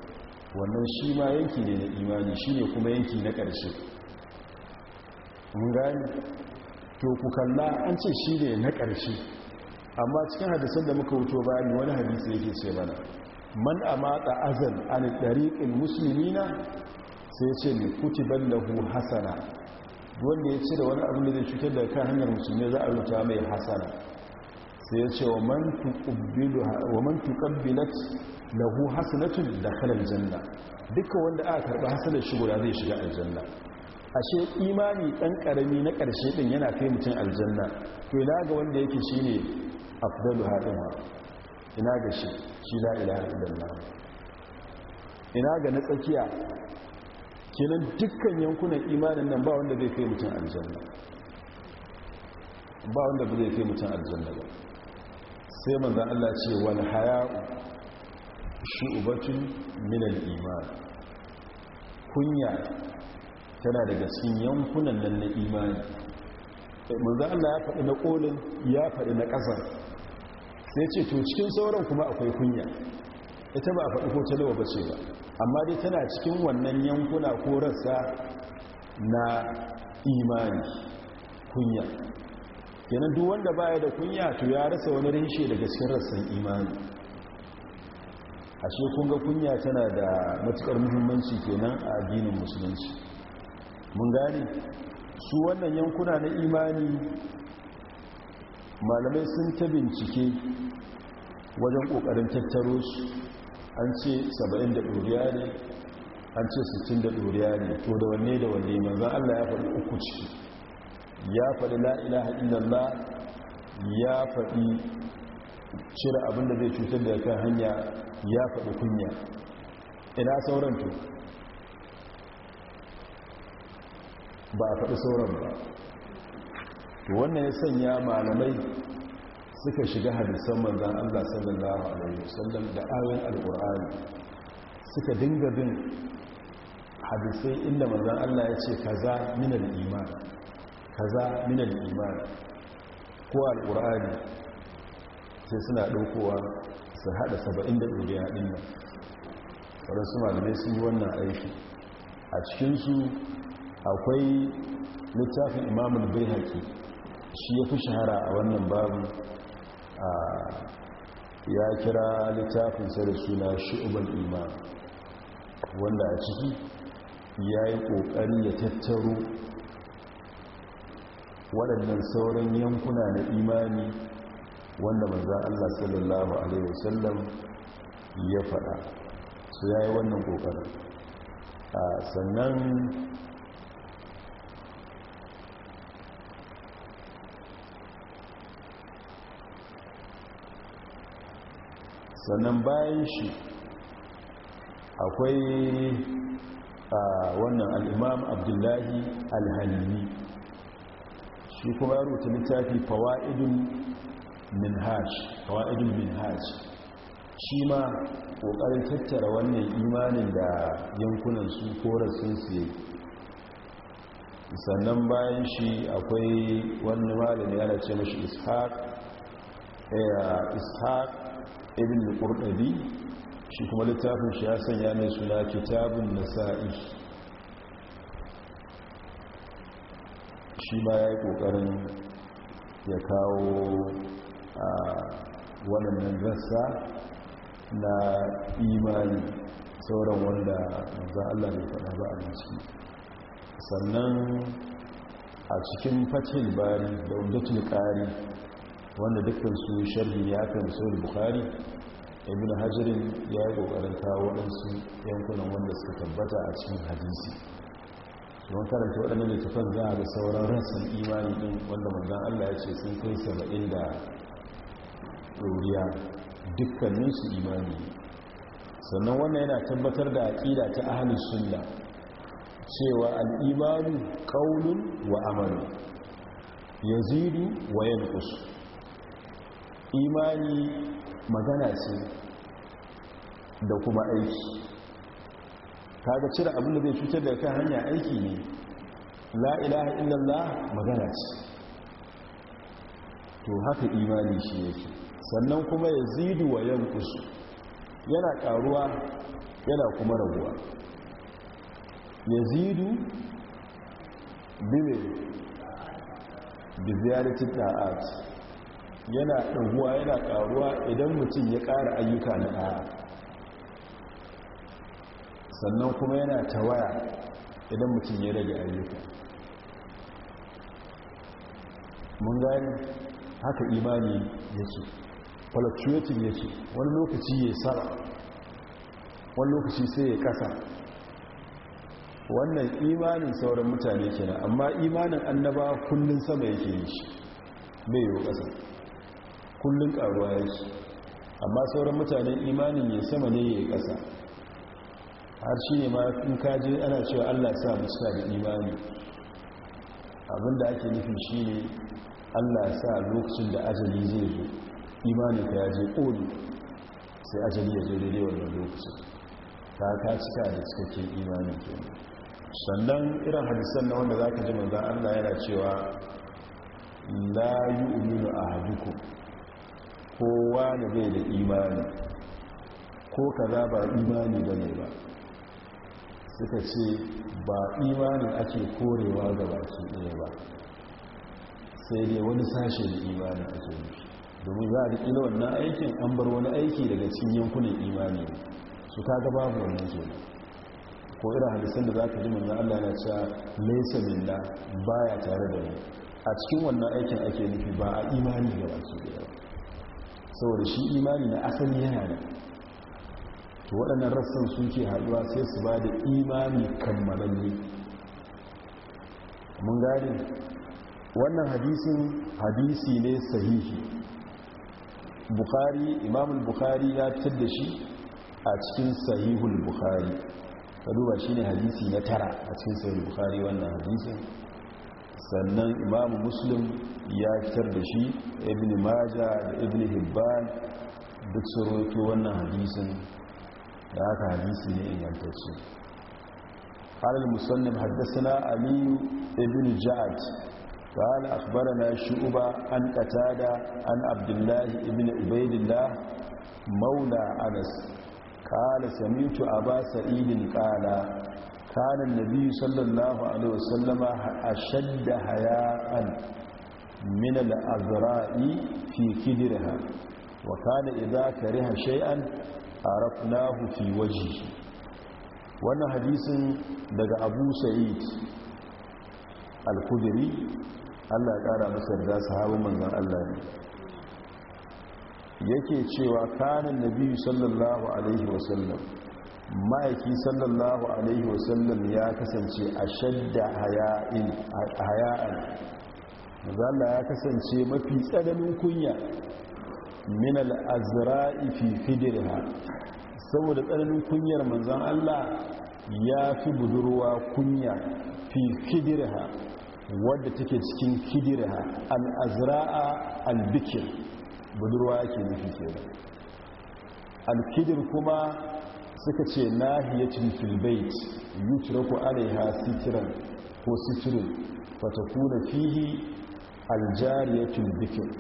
[SPEAKER 1] wannan shi ma yanki ne na imani shi ne kuma yanki na ƙarshe mun to ku kalla an ce shi ne na ƙarshe amma cikin hadisan da muka wuto bayan wani hadisi yake ce mana man a amata azal an tariqil musulmina sai ya ce ne da hu hasana wanda ya ce da wani abin da zai cutar da kan hanyar musulmi za a rubuta mai hasana sai ya ce wa man tuqabbilat lahu hasanatun dakhala janna. duka wanda aka karba hasanar shi guda zai shiga aljanna ashe imani ɗan ƙarami na ƙarshe ɗin yana kai mutum aljanna to ina ga wanda yake shine afdalu haɗin ina ga shi shi la ilaha illallah ina ga na tsakiya kenan dukkan yankunan imanin nan ba wanda zai kai mutum aljanna ba wanda zai kai mutum aljanna ba sai manzan Allah ce wal haya'u shu'batun ubatun minan iman kunya tana daga cikin yankunan nan na imani manzan Allah ya faɗi na ƙolin, ya faɗi na ƙasar sai ce to cikin sauran kuma akwai kunya ita ba a faɗi ko talawa ba ce ba amma dai tana cikin wannan yankuna ko rassa na imani kunya kenan duk wanda baya da kunya to ya rasa wani rinshe daga cikin rassan imani ashe kun ga kunya tana da matukar muhimmanci kenan a addinin musulunci mun gane su wannan yankuna na imani malamai sun ta bincike wajen ƙoƙarin tattaro su an ce saba'in da ɗoriya ne an ce sittin da ɗoriya ne to da wanne da wanne manzan allah ya faɗi uku ciki ya faɗi la'ilaha illallah ya faɗi cire abinda zai cutar da kan hanya ya faɗi kunya ina sauran to ba a faɗi sauran ba to wannan ya sanya malamai suka shiga hadisan manzan Allah sallallahu alaihi wasallam da ayoyin alqur'ani suka dinga bin hadisai inda manzan Allah ya ce kaza min al-iman kaza min al-iman ko alqur'ani sai suna daukowa su hada 70 da duriya din nan su malamai sun yi wannan aiki a cikinsu akwai littafin imamul bai shi ya fi shahara a wannan babu a ya kira littafinsa da suna shi'uban iman wanda a ciki ya yi ƙoƙari ya tattaro waɗannan sauran yankuna na imani wanda manzan Allah sallallahu Alaihi wasallam ya faɗa su ya yi wannan ƙoƙarin sannan sannan bayan shi akwai wannan al'imam abdullahi alhalimi shi kuma ya rubuta littafi fawa'idun minhaj fawa'idun minhaj shi ma ƙoƙarin tattara wannan imanin da yankunan su korarsun sun siye sannan bayan shi akwai wani malin yana ce mashi ishaq eh, ishaq ibn qurtubi shi kuma littafin shi ya sanya mai suna kitabun nasa'i shi ma ya yi kokarin ya kawo a waɗannan rassa na imani sauran wanda za Allah bai faɗa ba a ciki sannan a cikin fatil bari da wadatul ƙari wanda dukkan su sharhi ya kan sauri bukari ibn hajjirin ya yi kokarin kawo waɗansu yankunan wanda suka tabbata a cikin hadisi don karanta waɗannan littafan za a ga sauran rassan imani ɗin wanda manzan allah ya ce sun kai saba'in da ɗoriya su imani sannan wannan yana tabbatar da aƙida ta ahalin sunna cewa al'imanu ƙaunin wa amalu yazidu wa yankusu imani magana ce da kuma aiki kaga cire abin da zai cutar da kan hanya aiki ne la'ilaha illallah magana ce to haka imani shi yake sannan kuma ya zidu wa yankusu yana karuwa yana kuma raguwa ya zidu da ziyarci da'at yana ɗaguwa yana ƙaruwa idan mutum ya ƙara ayyuka na ɗaya sannan kuma yana tawaya idan mutum ya rage ayyuka mun gani haka imani ya ce fluctuating ya ce wani lokaci ya sara wani lokaci sai ya ƙasa wannan imanin sauran mutane ke amma imanin annaba kullum sama yake yi shi bai yi ƙasa kullum karuwa ce, amma sauran mutane imanin ya sama ne ya kasa har shi ne ma in kaji ana cewa allah sa musta da imani abinda ake nufin shi ne allah sa lokacin da ajali zai zo imanin ka ya je ƙoli sai ajali ya zo daidai wannan lokacin ta ka cika da cikakken imanin kenan sannan irin hadisan na wanda za ka ji manzan allah yana cewa la yi umiru a haduku kowa da zai da imani ko kaza ba imani ba ne ba suka ce ba imanin ake korewa ga baki ɗaya ba sai dai wani sashe da imanin ake nufi domin za a riƙi na wannan aikin an bar wani aiki daga cikin yankunan imani su gaba babu wannan kenan ko irin hadisan da za ka ji manzan Allah na cewa laisa minna baya tare da ni. a cikin wannan aikin ake nufi ba a imani ga baki ɗaya ba saboda shi imani na asali yana da to waɗannan rassan sun ke haɗuwa sai su ba da imani kammalalle mun gane wannan hadisin hadisi ne sahihi bukari imamul bukari ya fitar da shi a cikin sahihul bukari ka duba shi ne hadisi na tara a cikin sahihul bukari wannan hadisin sannan imamu muslim ya fitar da shi ibn maja da ibn hibban duk sarwato wannan hadisin da aka hadisi ne ingantacce halal musannif haddasa aliyu ibn ja'ad قال أخبرنا شعبة عن قتادة عن عبد الله بن عبيد الله مولى أنس قال سمعت أبا سعيد قال kanan nabi sallallahu alaihi wasallama a shadda haya'an min al'azra'i fi kidirha wa kana idza kariha shay'an arafnahu fi wajhihi wannan hadisin daga Abu Sa'id al-Khudri Allah ya kara masa da sahabban manzon Allah ne yake cewa kanan nabi sallallahu alaihi wasallam ma'aiki sallallahu alaihi wasallam ya kasance a shadda haya'an zalla ya kasance mafi tsananin kunya min al'azra'i fi fidirha saboda tsananin kunyar manzan Allah ya fi budurwa kunya fi fidirha wadda take cikin fidirha al'azra'a albikir budurwa yake nufi ke al-kidir kuma suka ce nahiyatin filbait yutraku alaiha sitiran ko sitirin fatakuna fihi aljariyatul bikin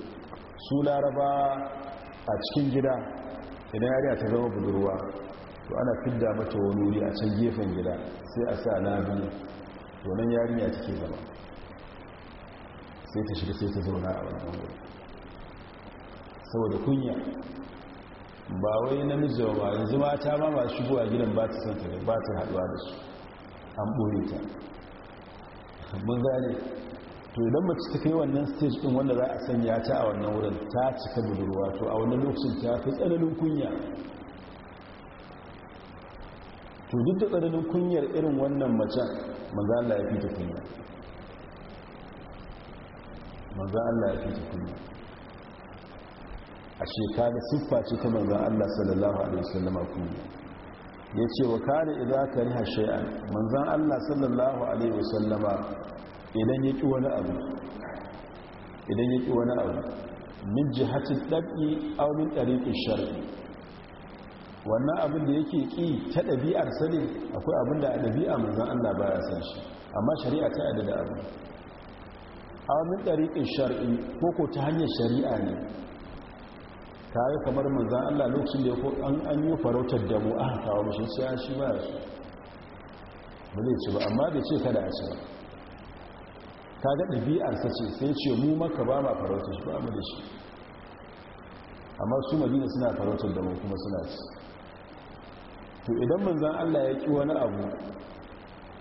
[SPEAKER 1] su laraba a cikin gida idan yariya ta zama budurwa to ana fidda mata wani wuri a can gefen gida sai a sa labi to nan yarinya take zama sai ta shiga sai ta zauna a wannan wuri saboda kunya ba wai namiji ba yanzu mata ta ba shigo a gidan ba ta san ta ba ta haduwa da su an ɓoye ta mun gane to idan mace ta kai wannan stage ɗin wanda za a sanya ta a wannan wurin ta cika budurwa to a wannan lokacin ta fi tsananin kunya to duk da tsananin kunyar irin wannan macen maza Allah ya fi ta kunya maza Allah ya fi ta kunya a da siffa ce ta manzan Allah sallallahu alaihi wasallama kuma ya ce wa kare idan ka riha shay'an manzan Allah sallallahu alaihi wasallama idan ya ƙi wani abu idan ya ƙi wani abu min hatin ɗabi aunin ɗariƙin shari'i wannan abin da yake ƙi ta ɗabi'ar sani akwai abin da a ɗabi'a manzan Allah ba ya san shi amma shari'a ta yadda da abu aunin ɗariƙin shari'i ko ko ta hanyar shari'a ne Ta yi kamar manzan Allah lokacin da ya ko an yi farautar damu aka kawo mashi sai ya ci ba su ba ba amma bai ce kada a ci ba ta ga sa ce sai ce mu maka ba ma farautar shi ba mu da shi amma su madina suna farautar da mu kuma suna ci to idan manzan Allah ya ƙi wani abu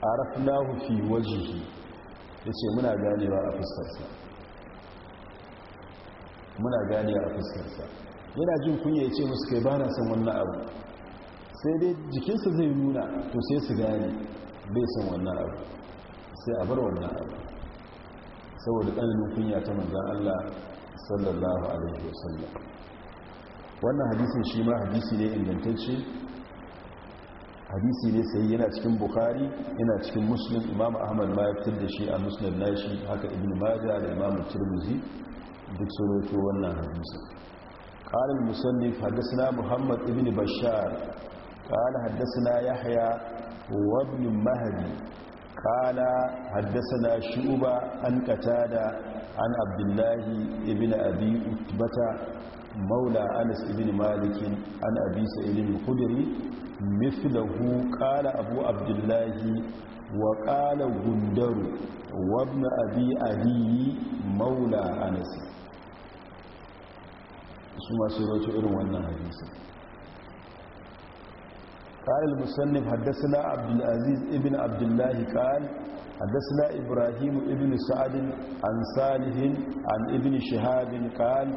[SPEAKER 1] a rafinahu fi wajihi muna ganewa a a fuskarsa yana jin kunya ya ce musu kai ba na san wannan abu sai dai jikinsa zai nuna to sai su gane bai san wannan abu sai a bar wannan abu saboda ƙananin kunya ta manzan Allah sallallahu alaihi wasallam wannan hadisin shi ma hadisi ne ingantacce hadisi ne sai yana cikin bukhari yana cikin muslim imam ahmad ma ya fitar da shi a muslim nashi haka ibn majah da imam tirmidhi duk sun wannan hadisi قال المسلف حدثنا محمد بن بشار قال حدثنا يحيى وابن مهدي قال حدثنا شعبة عن قتادة عن عبد الله بن أبي أتبة مولى أنس بن مالك عن أبي سعيد الخدري مثله قال أبو عبد الله وقال غندر وابن أبي علي مولى أنس kuma su roce irin wannan hadisi ƙa'il musannin haddasa abdulaziz ibn abdullahi ƙa'il haddasa ibrahim ibn sa'adin an salihin an ibn shahadin ƙa'il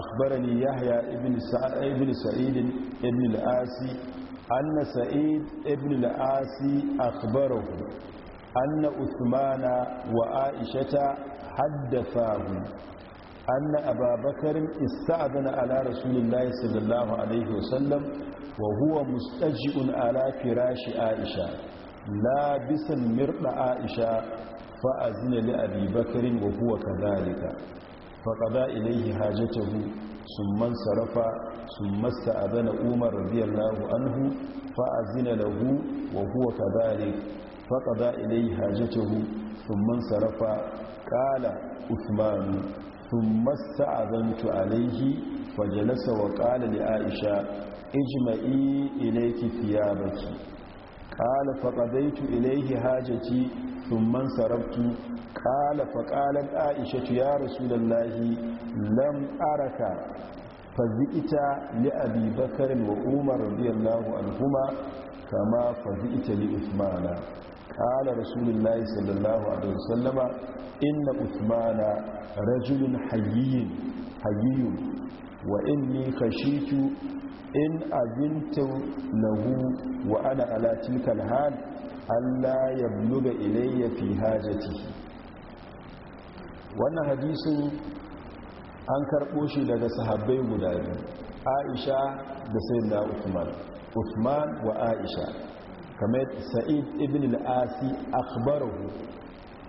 [SPEAKER 1] akbarani yahya ibn sa'idin ibn al'asi an na sa'id ibn al'asi akbarahu an na uthmana wa aishata haddasa anna ababakar ista'adana ala rasulillahi sallallahu alaihi wasallam wa huwa mustaji'un ala firashi aisha labisan mirɗa aisha fa azina li abi bakarin wa huwa kadhalika fa qada ilayhi hajatahu summa sarafa summa sta'adana umar radiyallahu anhu fa azina lahu wa huwa kadhalik fa qada ilayhi hajatahu summa sun azantu alaihi fajalasa wa ƙala da aisha ijma'i ilaiki fiya baki ƙala faƙadaitu ilaihi hajjaci sun man sarabtu ƙala faƙalar aisha ya rasu da lahi lam araka fazi'ita li abi wa umar radiyallahu anhuma kama fazi'ita li usmana قال رسول الله صلى الله عليه وسلم إن أثمان رجل حيي حيي وإني خشيت إن أذنت له وأنا على تلك الحال ألا يبلغ إلي في حاجته wannan hadisin an karɓo shi daga sahabbai guda biyu aisha da sayyidina uthman uthman wa aisha kamar sa'id ibn al-asi akhbarahu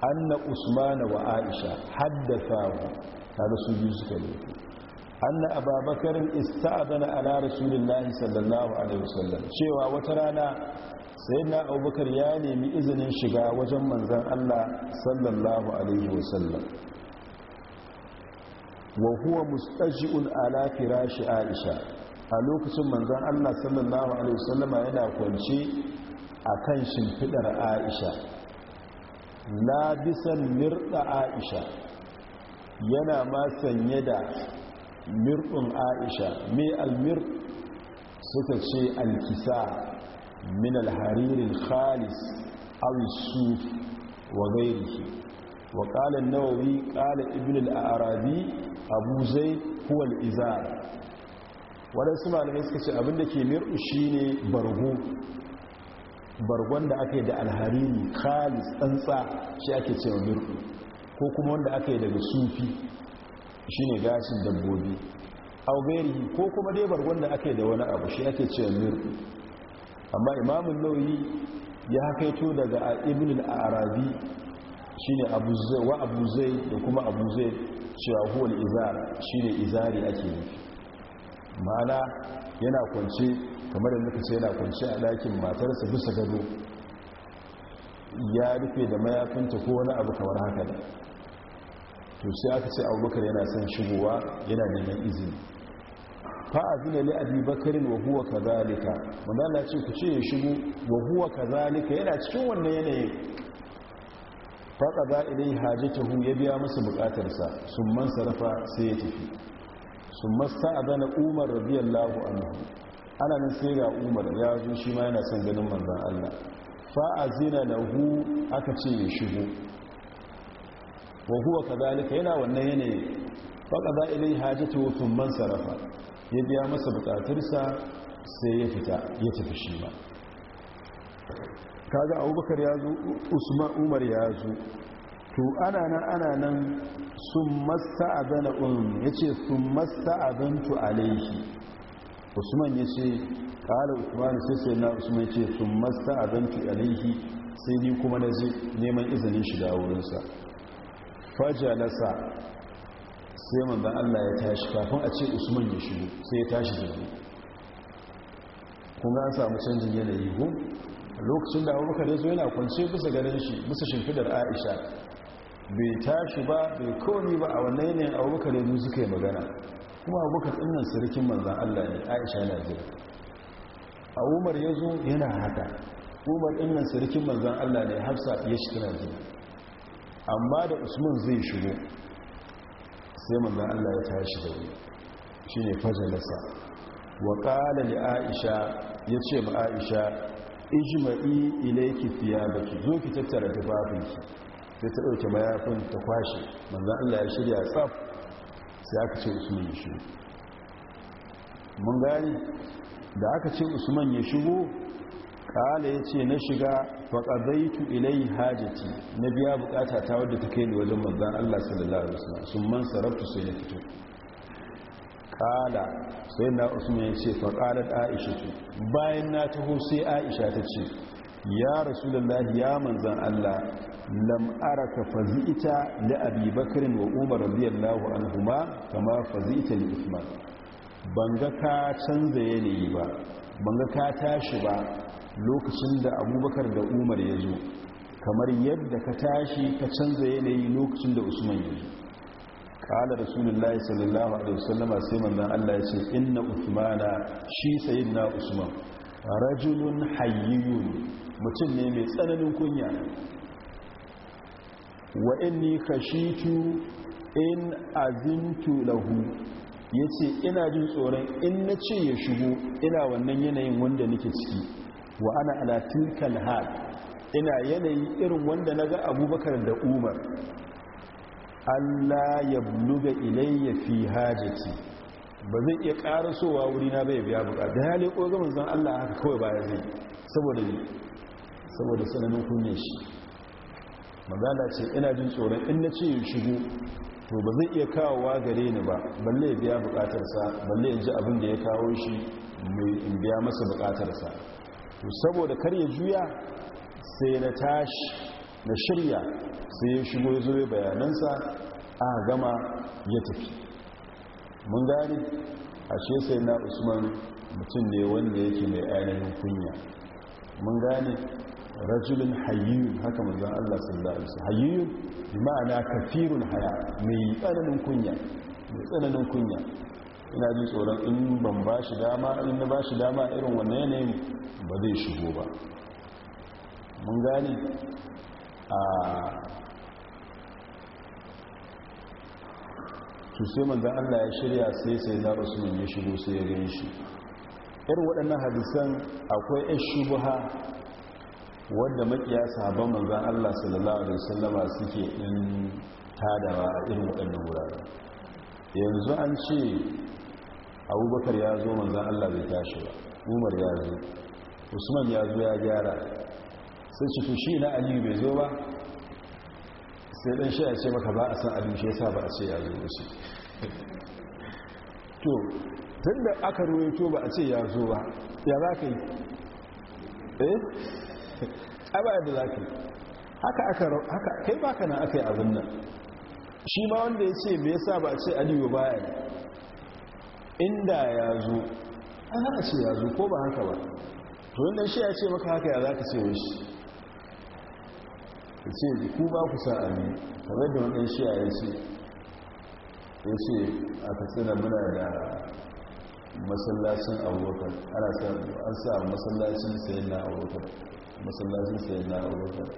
[SPEAKER 1] anna usman wa aisha haddathahu kada su biyu suka ne anna ababakar ista'dana ala rasulillahi sallallahu alaihi wasallam cewa wata rana sayyidina abubakar ya nemi izinin shiga wajen manzon Allah sallallahu alaihi wasallam wa huwa mustaji'un ala firashi aisha a lokacin manzon Allah sallallahu alaihi wasallama yana kwance a kan shimfidar aisha labisan mirɗa aisha yana ma sanye da mirɗin aisha mai almir suka ce alkisa min alharirin khalis al-suf wa gairihi wa ƙalin nawawi ƙala ibn al'arabi abu zai huwal izar waɗansu malamai suka ce abinda ke mirɗu shi ne bargo bargon da aka yi da alharini khalis tsantsa shi ake cewa mirku ko kuma wanda aka yi daga sufi shi ne gashin dabbobi auberi ko kuma dai bargon da aka yi da wani abu shi ake cewa mirku amma imamun nauyi ya hakaito daga ibn al-arabi wa abu zai da kuma abu zai cewa huwal shi ne izari ake yi. ma'ana yana kwance kamar da muka ce yana kunshi a ɗakin matarsa bisa gado ya rufe da mayafinta ko wani abu kamar haka da to sai aka ce abubakar yana son shigowa yana neman izini fa'azina ne abi bakarin wahuwa ka kazalika wanda na ce ku ce ya shigo wahuwa ka kazalika yana cikin wannan yanayin faɗa za ilai hajjatahu ya biya musu buƙatarsa sun man sarrafa sai ya tafi sun masta a zana umar radiyallahu anhu ana nan sai ga umar ya zo shi ma yana son ganin manzan allah fa'azina lahu aka ce ya shigo wa huwa kadhalika yana wannan yanayi fa qada ilai hajatu man sarafa ya biya masa bukatarsa sai ya fita ya tafi shi ma kaga abubakar ya zo usman umar ya zo to ana nan ana nan sun masta adana ya ce sun masta tu alaihi usman ya ce ƙala usman sai sai na usman ce sun masta a alaihi sai ni kuma na je neman izinin shiga wurinsa sa sai manzan allah ya tashi kafin a ce usman ya shigo sai ya tashi jirgi. kuma an samu canjin yanayi ko lokacin da abubakar ya zo yana kwance bisa ganin shi bisa shimfidar aisha bai tashi ba bai koni ba a wannan yanayin abubakar ya zo suka yi magana kuma abokan ɗinnan sirikin manzan allah ne aisha na jira a umar ya zo yana haka umar ɗinnan sirikin manzan allah ne hafsa ya shi tana jira amma da usman zai shigo sai manzan allah ya tashi da wuri shi ne fajalasa wa da aisha ya ce ma aisha ijma'i ilaiki fiya baki zo ki tattara tufafinki sai ta ɗauke mayafin ta kwashe manzan allah ya shirya tsaf sai aka ce usman ya shigo mun gani da aka ce usman ya shigo kala ya ce na shiga faƙazaitu ilai hajjati na biya bukata ta wadda ta kai da wajen mazan allah sallallahu alaihi wasallam sun man sarrafta sai na fito kala sai na usman ya ce faƙalar aisha ce bayan na taho sai aisha ta ce ya rasulullahi ya manzan allah lam'araka fazita da abubakarin wa umar radiyallahu anhuma kama fazita da usman banga ka canza yanayi ba ban ga ka tashi ba lokacin da abubakar da umar ya zo kamar yadda ka tashi ka canza yanayi lokacin da usman ya zo kala rasulullahi sallallahu alaihi wasallama sai manzon Allah ya ce inna usmana shi na usman rajulun hayyun mutum ne mai tsananin kunya wa inni khashitu in azintu lahu yace ina jin tsoron in nace ya shigo ina wannan yanayin wanda nake ciki wa ana ala tilkal hal ina yanayi irin wanda naga abubakar da umar Allah ya bluga ilayya fi hajati ba zai iya karasowa wuri na bai biya bukata hali ko ga manzon Allah haka kawai ya zai saboda saboda sananin kunyar shi magana ce ina jin tsoron in na ce yi shigo to ba zai iya kawowa gare ni ba balle biya bukatarsa balle ya ji abin da ya kawo shi mai in biya masa bukatarsa to saboda kar ya juya sai na tashi na shirya sai ya shigo ya zoye bayanansa a gama ya tafi mun gani ashe sai na usman mutum ne wanda yake mai ainihin kunya mun gane rajulun hayyun haka manzon Allah sallallahu alaihi wasallam hayyun bi ma'ana kafirun haya mai tsananin kunya mai tsananin kunya ina ji tsoron in ban ba shi dama in na ba dama irin wannan yanayin ba zai shigo ba mun gane a su sai manzon Allah ya shirya sai sai na rasulun ya shigo sai ya gani shi irin waɗannan hadisan akwai 'yan shubuha wadda makiya sahabban manzan Allah sallallahu alaihi wasallama suke din tadawa a irin waɗannan wurare. yanzu an ce abubakar ya zo manzan Allah bai tashi ba umar ya zo usman ya zo ya gyara sai shi fushi na aliyu bai zo ba sai dan shi a ce maka ba a san abin shi yasa ba a ce ya zo ba shi to tun da aka ruwaito ba a ce ya zo ba ya za ka yi eh a ba yadda za ka yi haka aka haka kai baka nan aka yi abin nan shi ma wanda ya ce me yasa ba a ce aliyu ba ya inda ya zo an hana ce ya zo ko ba haka ba to wanda shi ya ce maka haka ya za ka ce shi ya ce ku ba ku sa ami kamar da wannan shi ya ce ya ce a katsina muna da masallacin abubakar ana sa masallacin sayan na abubakar masallacin sai na abubakar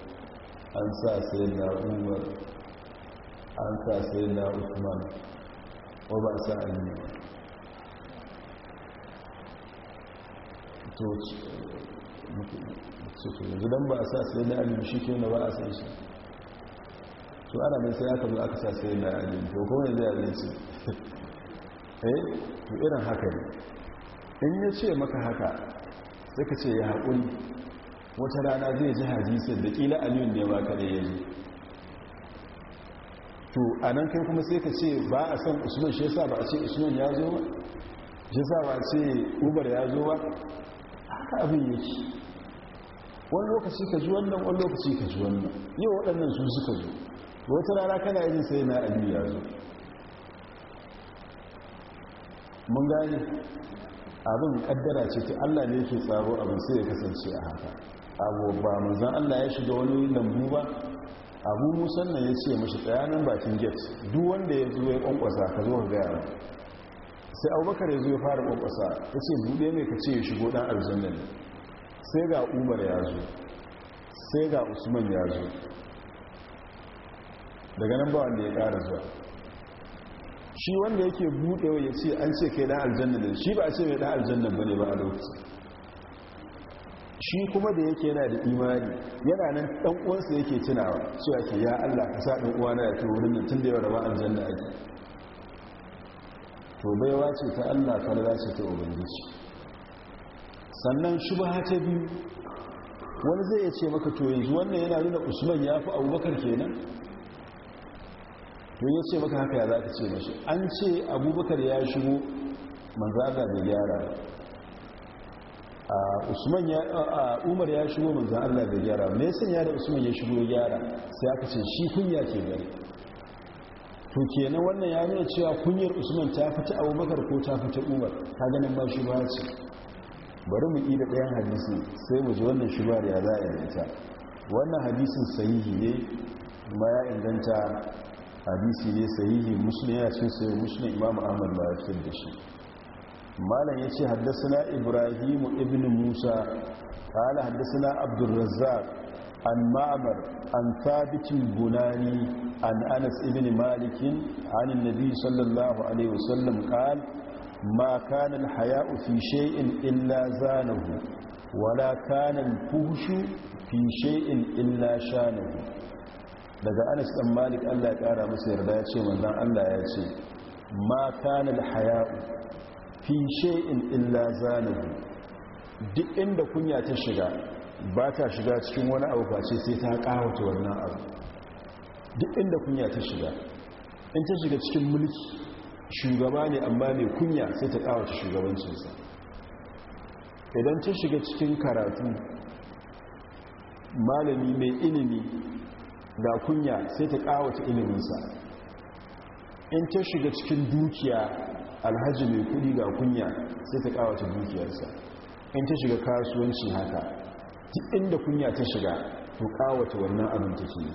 [SPEAKER 1] an sa sai na umar an sa sai na usman ko ba sa an yi to yanzu ba a sa sai na alibi shi ke na ba a san shi to ana mai sai aka zo aka sa sai na alibi to kuma yanzu ya zai ce eh to irin haka ne in ya ce maka haka sai ka ce ya haƙuri wata rana zai ji hadisin da kila aliyun da ya baka da yaji to a nan kai kuma sai ka ce ba a san usman shi yasa ba a ce usman ya zo ba shi yasa ba a ce ubar ya zo ba haka abin yake wani lokaci ka ji wannan wani lokaci ka ji wannan yau waɗannan su suka zo wata rana kana yin sai na aliyu ya zo mun gane abin kaddara ce ta allah ne yake tsaro abin sai ya kasance a haka abu ba manzan allah ya shiga wani lambu ba abu musan ya ce mashi tsayanin bakin gate duk wanda ya zo ya kwankwasa ka zo ga yara sai abubakar ya zo ya fara kwankwasa ya ce buɗe mai ka ce ya shigo ɗan aljanna ne sai ga umar ya zo sai ga usman ya zo daga nan ba wanda ya ƙara zuwa shi wanda yake buɗewa ya ce an ce kai ɗan aljanna ne shi ba a ce mai ɗan aljanna ba ne ba a lokacin shi kuma da yake yana da imani yana nan dan uwansa yake tunawa so yake ya Allah ka sa dan uwana yake wurin nan tun da yawa aljanna ake to bai ce ta Allah falala ce ta ubangiji sannan shubha ta biyu wani zai ya ce maka to yanzu wannan yana nuna usman ya fi abubakar kenan to ya ce maka haka ya za ce mashi an ce abubakar ya shigo manzana da gyara usman ya umar ya shigo manzan allah da gyara me san ya da usman ya shigo gyara sai aka ce shi kunya ke gari to kenan wannan ya nuna cewa kunyar usman ta fita abubakar ko ta fita umar ta ganin ba shi ba ce bari mu ƙi da ɗayan hadisi sai mu ji wannan shi ba da ya za a wannan hadisin sahihi ne kuma ya inganta hadisi ne sahihi muslim ya cin sai muslim imam ahmad ba ya fitar da shi malam ya ce haddasa ibrahimu ibn musa ƙala haddasa na abdulrazzak an ma'amar an sabitin gunani an anas ibn malikin hannun nabi sallallahu alaihi wasallam ƙal ma kanin haya'u fi shay'in illa zanahu wala kanin fuhushu fi illa shanahu daga anas ɗan malik Allah ya kara masa yarda ya ce manzon Allah ya ce ma kanin hayau fi shay'in illa zanahu duk inda kunya ta shiga ba ta shiga cikin wani abu face sai ta kawata wannan abu duk inda kunya ta shiga in ta shiga cikin mulki shugaba ne amma mai kunya sai ta kawata shugabancinsa idan ta shiga cikin karatu malami mai ilimi ga kunya sai ta kawata iliminsa in ta shiga cikin dukiya alhaji mai kudi ga kunya sai ta kawata dukiyarsa in ta shiga kasuwanci haka duk inda kunya ta shiga to kawata wannan abin take yi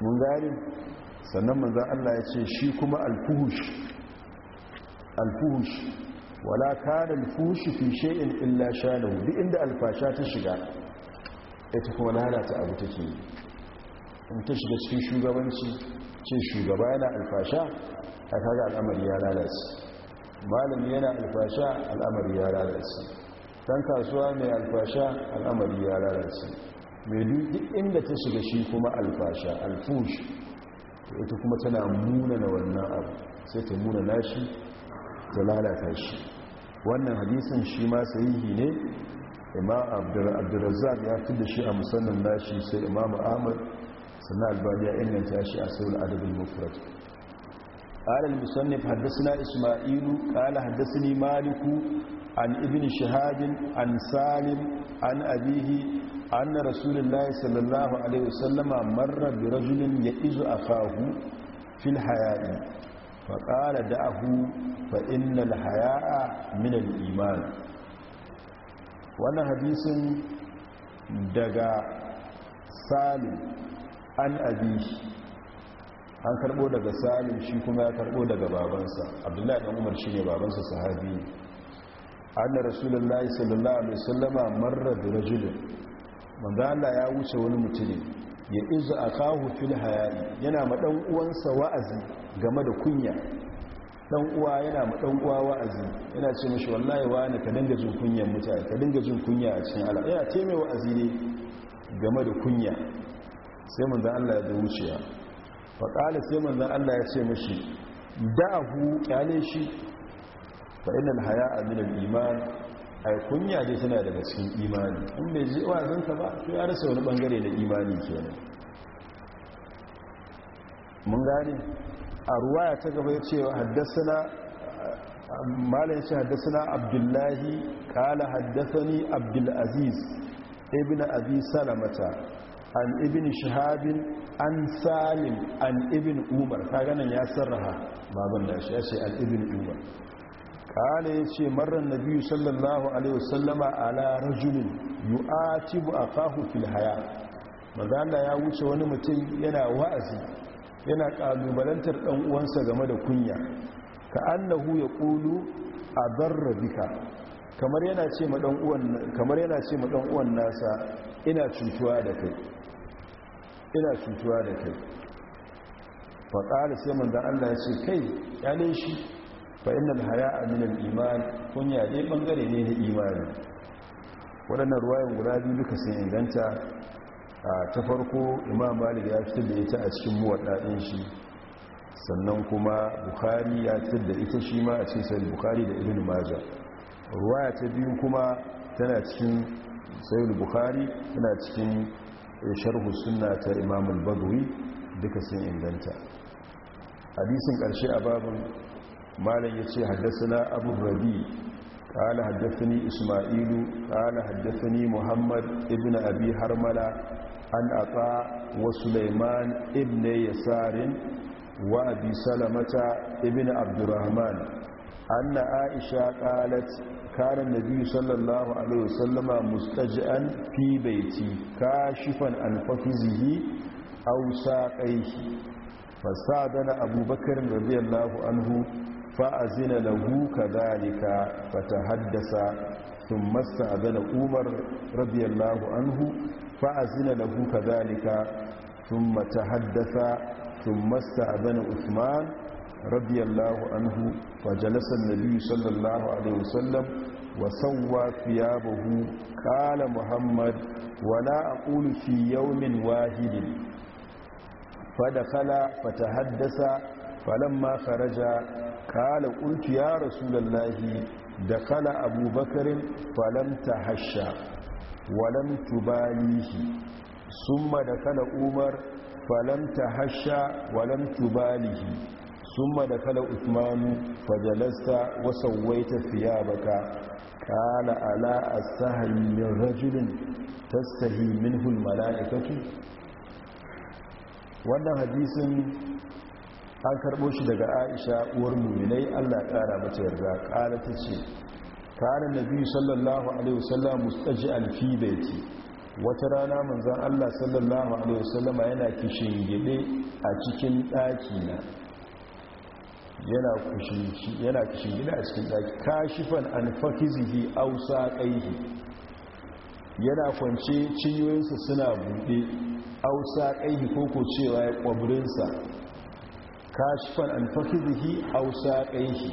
[SPEAKER 1] mun gari sannan manzan Allah ya ce shi kuma alfuhush alfuhush wala kana alfuhush fi shay'in illa shalahu duk inda alfasha ta shiga ita kuma lalata abu take yi in ta shiga cikin shugabanci ce shugaba yana alfasha a kaga al'amari ya lalace malami yana alfasha al'amari ya lalace ɗan kasuwa mai alfasha al'amari ya lalace mai duk inda ta shiga shi kuma alfasha alfush ita kuma tana muna na wannan abu sai ta muna nashi ta lalata shi wannan hadisin shi ma sahihi ne imam ya fi da shi a musamman nashi sai imam ahmad sannan albaniya inganta shi a sauran adabin mufrat قال المصنف حدثنا إسماعيل قال حدثني مالك عن ابن شهاب عن سالم عن أبيه أن رسول الله صلى الله عليه وسلم مر برجل يئز أخاه في الحياء فقال دعه فإن الحياء من الإيمان وانا حديث دقاء سالم عن أبيه an karbo daga salim shi kuma ya karbo daga babansa abdullahi dan umar shi ne babansa sahabi anna rasulullahi sallallahu alaihi wasallama marar da rajulin manzo Allah ya wuce wani mutumin. ya izu kahu fil hayani. yana ma dan uwansa wa'azi game da kunya dan uwa yana ma dan uwa wa'azi yana ce mashi wallahi wani ka dinga jin kunyan mutane ka dinga jin kunya a cikin Allah yana ce mai wa'azi ne game da kunya sai manzan Allah ya wuciya faƙali sai manzan allah ya ce mashi dahu ƙyale shi fa'inan haya a minar iman ai kunya dai suna daga cikin imani in bai ji wazanka ba Su ya rasa wani ɓangare na imani kenan mun gane a ruwa ya ta gaba ya cewa haddasa malin shi haddasa na abdullahi kala haddasa ni abdullaziz ibn abi salamata an ibn shahabin an salim an ibn umar ganin ya sarraha baban da shi ya ce an ibn umar kala ya ce marar na biyu sallallahu alaihi wasallama ala rajulin yu'atibu akahu fil haya maganda ya wuce wani mutum yana wa'azi yana ƙalubalantar dan uwansa game da kunya ka annahu ya qulu adarra bika kamar yana ce ma dan kamar yana ce ma dan uwan nasa ina cutuwa da kai ina cutuwa da kai faƙari sai manzan allah ya ce kai yane shi fa'inan haya a minan imani kunya ne ɓangare ne na imani waɗannan ruwayan guda biyu duka sun inganta a ta farko imam malik ya fitar da ita a cikin muwaɗaɗin shi sannan kuma Bukhari ya fitar da ita shi ma a cikin sayar Bukhari da ibn maja ruwaya ta biyu kuma tana cikin sayar Bukhari tana cikin ya sharhu suna ta imamul bagwi duka sun inganta hadisin ƙarshe a babin malar ya ce haddasa abu rabi ƙala haddasa ni ismailu ƙala haddasa ni muhammad ibn abi harmala an atsa wa suleiman ibn yasarin wa abi salamata ibn abdurrahman an na aisha ƙalat kana nabi sallallahu alaihi wasallama mustaj'an fi baiti kashifan an fafizihi aw saqaihi fasadana abubakar radiyallahu anhu fa'azina lahu kadhalika fatahaddasa ثم استأذن عمر رضي الله عنه فأذن له كذلك ثم تحدث ثم استأذن عثمان radiyallahu anhu fajalasa nabi sallallahu alaihi wasallam wa sawwa thiyabahu qala muhammad wala aqulu fi yawmin wahidin fadakhala fatahaddasa falamma kharaja qala qultu ya rasulallahi dakhala abubakarin falam tahashsha walam walantubalihi. summa da kala umar falam tahashsha walam tubalihi summa da kala usmanu fajalasta wasawaita thiyabaka qala ala as-sahli min rajulin tastahi minhu al-mala'ikatu wannan hadisin an karbo shi daga Aisha uwar mu'minai Allah ya kara mata yarda ce. tace na biyu sallallahu alaihi wasallam mustaji'an fi baiti wata rana manzon Allah sallallahu alaihi wasallama yana kishin gide a cikin daki na yana kushin gida a cikin daki kashifan an fakizihi ausa kaihi yana kwance cinyoyinsa suna buɗe ausa kaihi ko ko cewa ya kwabirinsa kashifan an fakizihi ausa kaihi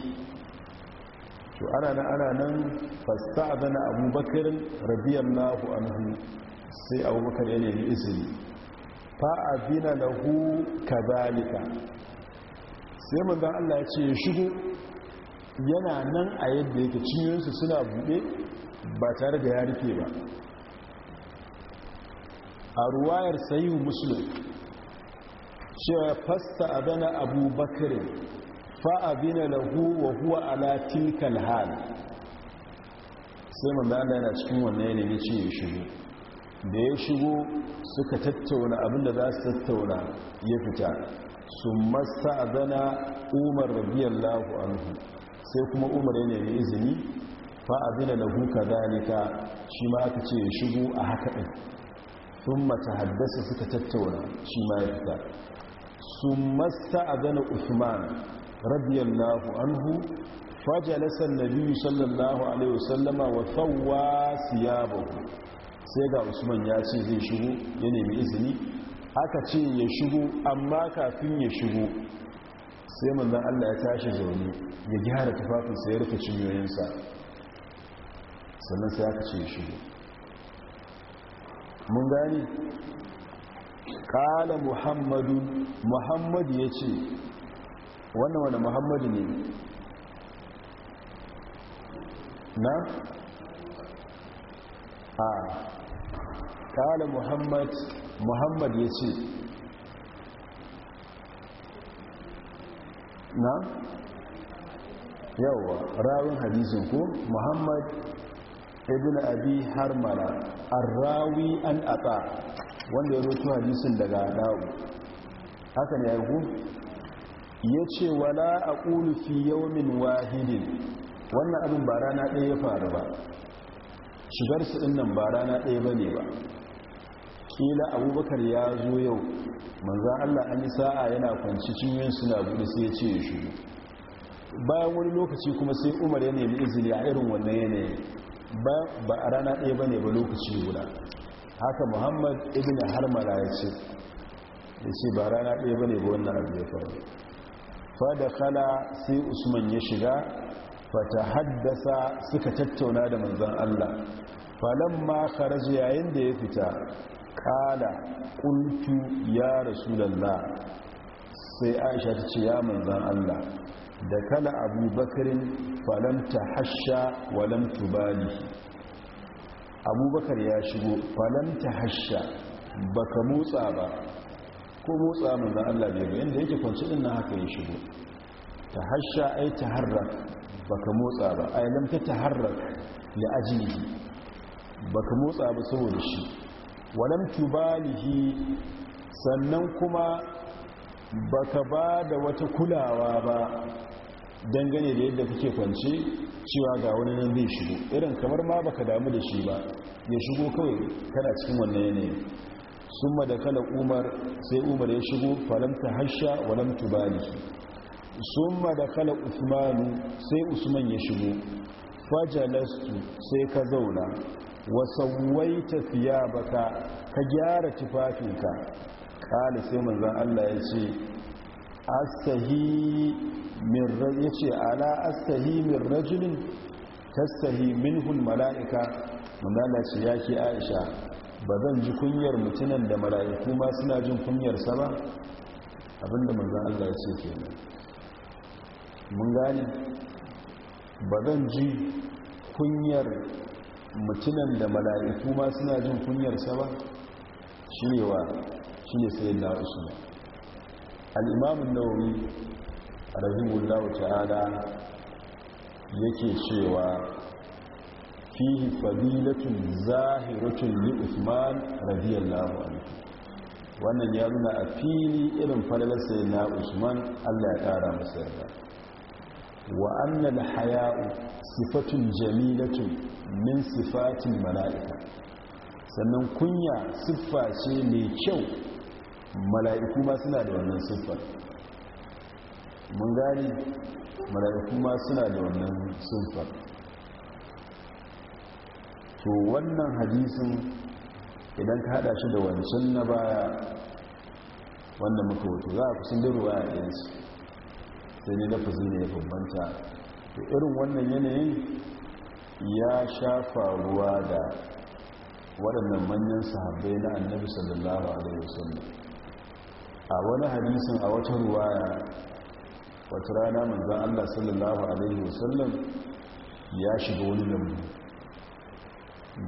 [SPEAKER 1] to ana nan ana nan fasta abana abubakarin radiyallahu anhu sai abubakar ya nemi izini fa'adina lahu kazalika sai manzan Allah ya ce ya shigo yana nan a yadda yake cinyarsu suna buɗe ba tare da ya rufe ba a ruwayar muslim musulun cewa fasta abana abubakarin fa'abina lahu wa huwa ala tilkal hal sai manzan Allah yana cikin wannan yanayi ce ya shigo da ya shigo suka tattauna abinda za su tattauna ya fita sun masa azana umar radiyallahu anhu sai kuma umar ya nemi izini fa azina lahu kadhalika shi ma aka ce ya shigo a haka din sun mata haddasa suka tattauna shi ma ya fita sun masa azana usman radiyallahu anhu fajalasa annabi sallallahu alaihi wasallama wa sawwa siyabahu sai ga usman ya ce zai shigo ya nemi izini aka ce ya shigo amma kafin ya shigo sai manzan Allah ya tashi zaune ya gyara tufafinsa ya rufe cinyoyinsa sannan sai aka ce ya shigo mun gani Kala muhammadu muhammadu ya ce wannan wani muhammadu ne na? a kala muhammad muhammad ya ce na yawa rawin hadisin ko muhammad ibn abi harmara arrawi an ata wanda ya roto hadisin daga dawo haka ne ya ya ce wala a ƙulufi yawmin wahidin wannan abin ba rana ɗaya ya faru ba shigarsu ɗin nan ba rana ɗaya ba ne ba kila abubakar ya zo yau manzan allah an yi sa'a yana kwanci cinyoyin suna buɗe sai ya ce ya shigo bayan wani lokaci kuma sai umar ya nemi izini a irin wannan yanayi ba a rana ɗaya ba ba lokaci guda haka muhammad ibn harmala ya ce ya ce ba rana ɗaya ba ne ba wannan abu ya faru fada kala sai usman ya shiga fata haddasa suka tattauna da manzan allah falon ma kharaju yayin da ya fita kala kultu ya lalla sai aisha ta ce ya manzan allah da kala abubakarin falanta hasha walamtu bali abubakar ya shigo falanta hasha baka motsa ba ko motsa manzan allah bai bayan da yake kwanci din na haka ya shigo ta hasha ai ta harrak baka motsa ba ai lamta ta harrak ya ajiye baka motsa ba saboda shi walam tubalihi sannan kuma baka ba da wata kulawa ba dangane da yadda kake kwance cewa ga wani nan zai shigo irin kamar ma baka damu da shi ba ya shigo kawai kana cikin wannan yanayin sun da kala umar sai umar ya shigo falamta hasha walam tubalihi sun da kala usmanu sai usman ya shigo fajalastu sai ka zauna wa sawaita thiyabaka ka gyara tufafinka kala sai manzon Allah ya ce astahi min yace ala astahi min rajulin tasahi minhu almalaika manzon Allah ce ke Aisha ba zan ji kunyar mutunan da mala'iku ma suna jin kunyarsa ba abinda manzon Allah ya ce kenan mun gane ba zan ji kunyar mutunan da mala'iku ma suna jin kunyarsa ba shi ne wa shi ne sai da ne al'imamun nauri a rahimullahu ta'ala yake cewa fihi fadilatun zahiratun yi usman radiyar anhu wannan ya nuna a fili irin falalar sai na usman allah ya ƙara masa yarda wa annal haya'u sifatun jamilatun min sifatin mala'ika sannan kunya siffa ce mai kyau mala'iku ma suna da wannan siffar mun gani mala'iku ma suna da wannan siffar to wannan hadisin idan ka hada shi da wancan na baya wanda muka wato za a kusan da ruwa a yansu sai na lafazi ne ya bambanta da irin wannan yanayin ya shafa ruwa da waɗannan manyan sahabbai na annabi sallallahu alaihi wasallam a wani hadisin a wata ruwaya wata rana manzan allah sallallahu alaihi wasallam ya shiga wani lambu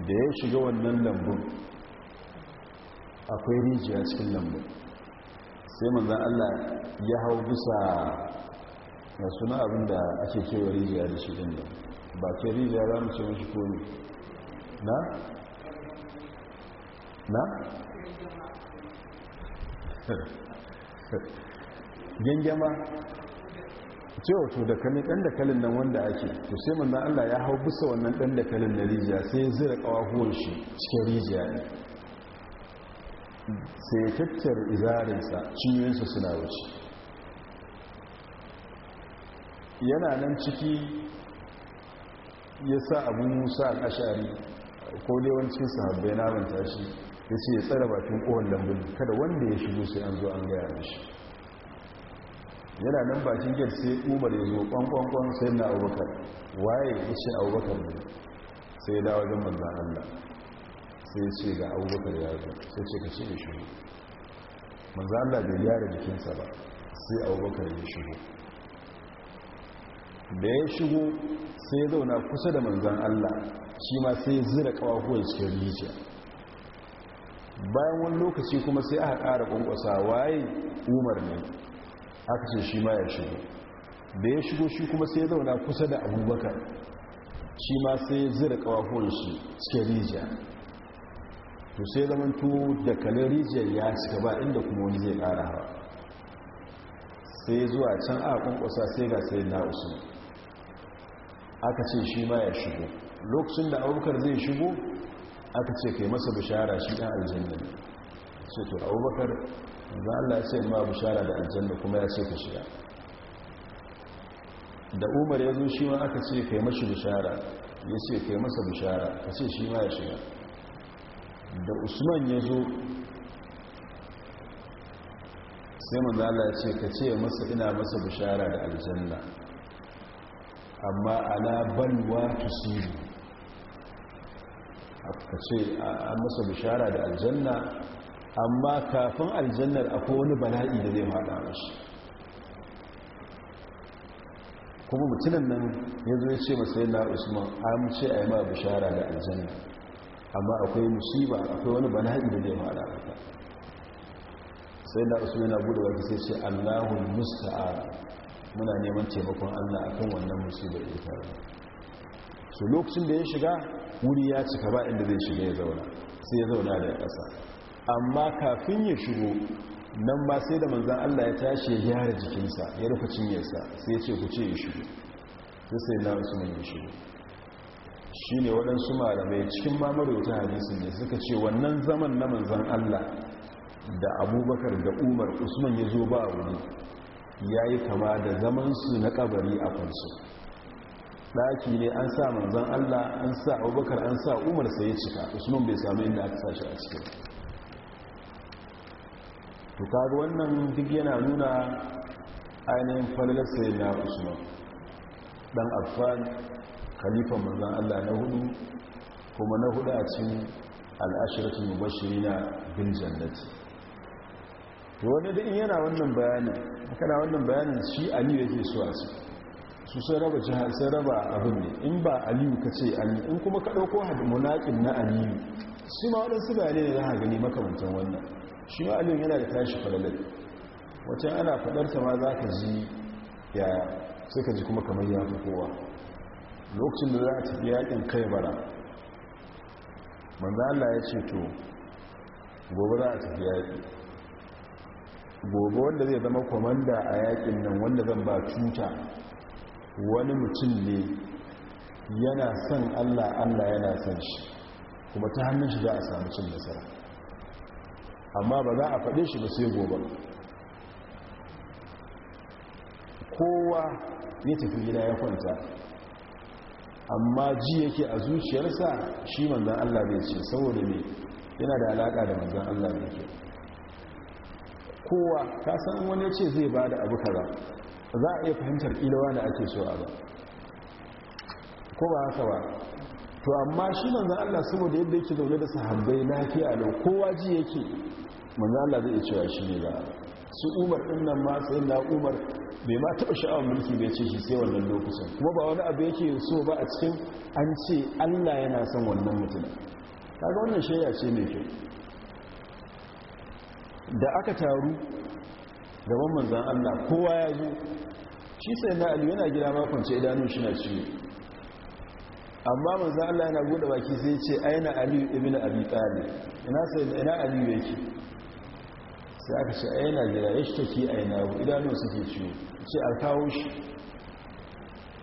[SPEAKER 1] da ya shiga wannan lambun akwai rijiya cikin lambun sai manzan allah ya hau bisa Na suna abin da ake cewa rijiya da shi ɗin ba ke rijiya za mu ce mashi komi na? na? gengama cewa to da kanin ɗan dakalin nan wanda ake to sai manna allah ya hau bisa wannan ɗan dakalin na rijiya sai ya zira ƙawahuwar shi cikin rijiya ne sai ya kyakkyar izarinsa cinyoyinsa suna wuce yana nan ciki ya sa abu musa a ƙashari ko lewancin sahabbai namun tashi ya ce ya tsara bakin ƙowar lambun kada wanda ya shigo sai an zo an gaya shi. yana nan bakin gyar sai umar ya zo kwankwankwan sai na abubakar waye ya ce abubakar ne sai ya dawa don manzan allah sai ce ga abubakar ya zo sai ce ka ce ya shigo manzan allah bai yara jikinsa ba sai abubakar ya shigo da ya shigo sai zauna kusa da manzan Allah shi ma sai zira kawahuwan cikin rijiya bayan wani lokaci kuma sai aka ƙara ƙwanƙwasa waye umar ne aka ce shi ma ya shigo da ya shigo shi kuma sai zauna kusa da abubakar shi ma sai zira kawahuwan shi cikin rijiya to sai zamanto da kalin rijiyar ya cika ba inda kuma wani zai ƙara hawa sai zuwa can a ƙwanƙwasa sai ga sai na usman aka ce shi ma ya shigo lokacin da abubakar zai shigo aka ce kai masa bishara shi ɗan aljanna sai to abubakar za Allah ya ce ma bishara da aljanna kuma ya ce ka shiga da umar ya zo shi ma aka ce kai masa bishara ya ce kai masa bishara ka ce shi ma ya shiga da usman ya zo sai manzala ya ce ka ce masa ina masa bishara da aljanna amma ala balwa a aka ce an masa bishara da aljanna amma kafin aljannar akwai wani bala'i da zai faɗa mashi kuma mutunan nan ya zo ya ce masai na usman an ce a yi ma bishara da aljanna amma akwai musiba akwai wani bala'i da zai faɗa maka sai na usman na buɗe wata sai ce allahun musta'ara muna neman taimakon allah akan wannan musibar da ta so lokacin da ya shiga wuri ya cika ba inda zai shiga ya zauna sai ya zauna da ƙasa amma kafin ya shigo nan ba sai da manzan allah ya tashi ya gyara jikinsa ya rufe cinyarsa sai ya ce ku ce ya shigo sai sai na su shigo shi ne waɗansu malamai cikin mamarauta hadisun ne suka ce wannan zaman na manzan allah da abubakar da umar usman ya zo ba wuri ya yi kama da zaman su na kabari a kansu ɗaki ne an sa manzan allah an sa abubakar an sa umar sai ya cika usman bai sami inda aka sashi a cikin to kaga wannan duk yana nuna ainihin falalar sai na usman ɗan afan kalifan manzan allah na hudu kuma na hudu a cikin al'ashirar mubashirina bin jannati to wani da in yana wannan bayanin kana wannan bayanin shi aliyu yake so a su su sai raba jihar sai raba abin ne in ba aliyu ka ce aliyu in kuma ka ɗauko hadin munaƙin na aliyu shi ma waɗansu bayanai ne za a gani makamantan wannan shi ma aliyu yana da tashi falalai wacce ana faɗarta ma za ka ji ya sai ka ji kuma kamar ya fi kowa lokacin da za a tafi yakin kai bara manzo Allah ya ce to gobe za a tafi yaki gobe wanda zai zama kwamanda a yakin nan wanda zan ba cuta wani mutum ne yana son allah allah yana son shi kuma ta hannun shi za a samu cin nasara amma ba za a faɗe shi ba sai gobe kowa ya tafi gida ya kwanta amma ji yake a zuciyarsa shi manzan allah bai ce saboda ne yana da alaƙa da manzan allah bai ke kowa ka san wani ce zai ba da abu kaza za a iya fahimtar ilawa da ake so a ba ko ba haka ba to amma shi manzan Allah saboda yadda yake zaune da sahabbai lafiya da kowa ji yake manzan Allah zai cewa shi ne ba su umar ɗinnan nan ma sai na umar bai ma taɓa sha'awar mulki bai ce shi sai wannan lokacin kuma ba wani abu yake so ba a cikin an ce Allah yana son wannan mutum kaga wannan shaya ce mai kyau da aka taru gaban manzan Allah kowa ya zo shi sai na aliyu yana gina makonci idanun shi na ciwo amma manzan Allah yana bude baki sai ce aina aliyu na abi tsari ina sai ina aliyu yake sai aka ce aina gida ya shi take aina idanun suke ciwo ce a kawo shi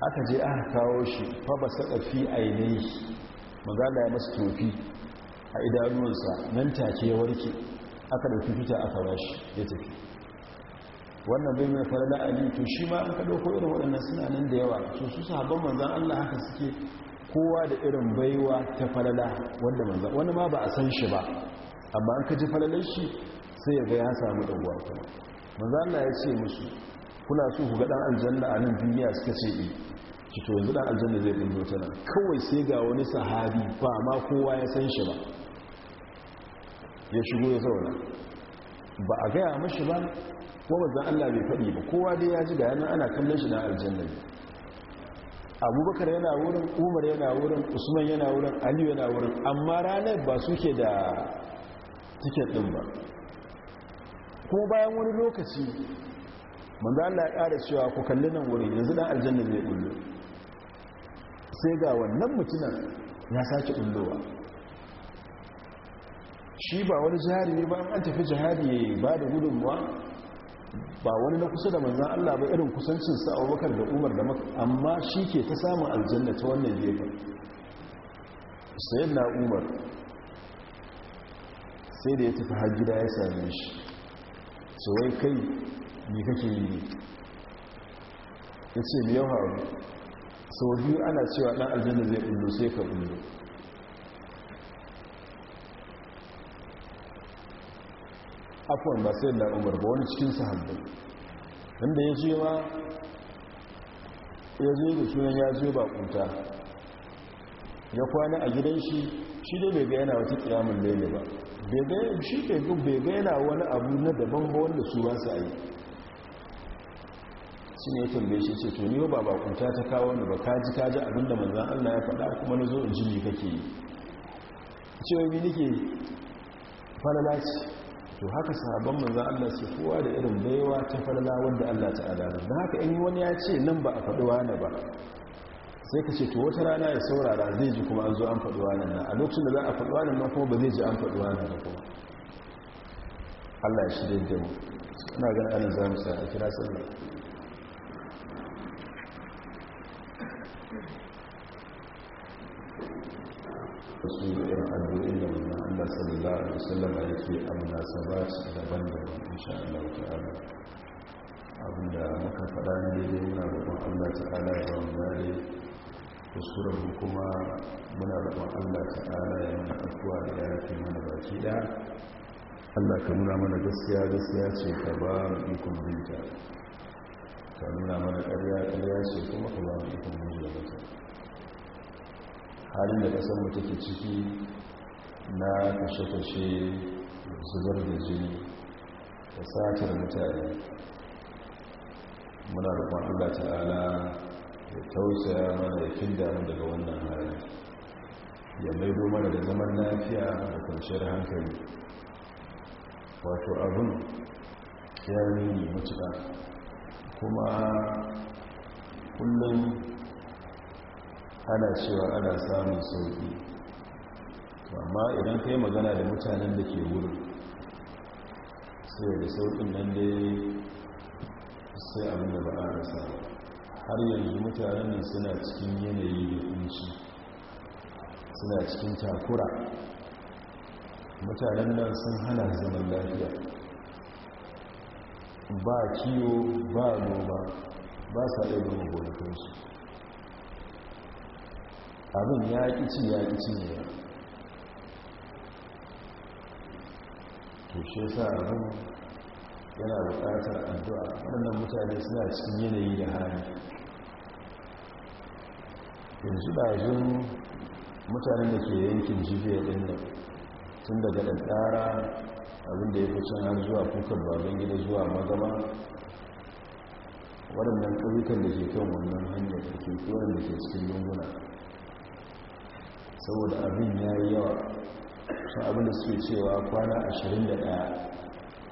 [SPEAKER 1] aka je aka kawo shi fa ba fi tsafi ainihi manzan Allah ya masa tofi a idanunsa nan take ya warke aka dauki fita aka bashi ya tafi wannan bai mai farada ali to shi ma an kado ko irin waɗannan suna nan da yawa su su sahabban manzan allah haka suke kowa da irin baiwa ta farada wanda manzan wani ma ba a san shi ba amma an ka ji falalan shi sai ya ga ya samu ɗauwa kuma manzan allah ya ce musu kuna so ku ga ɗan aljanna a nan duniya suka ce e eh. ki to yanzu ɗan aljanna zai ɗin nan kawai sai ga wani sahabi ba ma kowa ya san shi ba ya shigo ya zauna ba a gaya mashi ba ba zan Allah bai faɗi ba kowa dai ya ji da yana ana kallon shi na aljanna ne abubakar yana wurin umar yana wurin usman yana wurin aliyu yana wurin amma ranar ba su ke da tiket ɗin ba ko bayan wani lokaci manzo Allah ya ƙara cewa ku kalli nan wurin yanzu dan aljanna zai bullo sai ga wannan mutumin ya sake bullowa shi ba wani jihari ne ba an tafi jihari ba da gudunmuwa ba wani na kusa da manzan Allah ba irin kusancin sa'awakar da umar da maka amma shi ke ta samun aljanna ta wannan gefen sayan na umar sai da ya tafi har gida ya same shi tsawai kai ne kake yi ne? ya ce yau haru sau biyu ana cewa ɗan aljanna zai ƙullo sai ka ƙullo afuwan ba sai da umar ba wani cikin hannu. inda ya je ma ya zo da sunan ya zo ba kuta ya kwana a gidan shi shi dai bai ga yana wata kiyamun lele ba shi bai ga yana wani abu na daban ba wanda su ba su yi shi ne ya tambaye shi ce to ba ba kuta ta kawo wanda ba ka ji abinda manzan allah ya faɗa kuma na zo in ji ne kake yi cewa yi nike falala ce to haka sahabban manzan Allah su kowa da irin baiwa ta farla wanda Allah ta adana da haka in wani ya ce nan ba a faɗi wane ba sai ka ce to wata rana ya saurara zai ji kuma an zo an faɗi wane nan a lokacin da za a faɗi wane nan kuma ba zai ji an faɗi wane nan kuma Allah ya shirya da mu suna ganin ana za mu sa a kira sallah wasu irin addu'o'in da mu Allah sallallahu alaihi wasallam yake a sabat daban-daban insha Allah ta'ala abinda muka faɗa ne daidai muna roƙon Allah ta'ala ya ba mu dare kuskuren kuma muna roƙon Allah ta'ala ya mana afuwa da ya yake mana baki da Allah ka nuna mana gaskiya gaskiya ce ka ba mu ikon binta ka nuna mana ƙarya ƙarya ce kuma ka ba mu ikon binta halin da ƙasar mu take ciki na kashe-kashe zubar da jini da satar mutane muna rukun allah ta'ala da tausaya mana ya kin damu daga wannan hali ya maido mana da zaman lafiya da kwanciyar hankali wato abin ya nuni matuƙa kuma kullum ana cewa ana samun sauƙi amma idan ka yi magana da mutanen da ke wuri sai da sauƙin nan dai sai abin da ba a rasa har yanzu mutanen nan suna cikin yanayi da kunci suna cikin takura mutanen nan sun hana zaman lafiya ba kiyo ba noma ba sa ɗaya noma gonakinsu abin ya ƙi ci ya ƙi ci ne to abin yana bukatar addu'a waɗannan mutane suna cikin yanayi da hali yanzu ɗajin mutane da ke yankin jibiya ɗin nan tun daga ɗanɗara abinda ya fi har zuwa kukan babban gida zuwa magama waɗannan ƙauyukan da ke kan wannan hanyar da ke da ke cikin yunguna saboda abin ya yi yawa sun abin da suke cewa kwana 21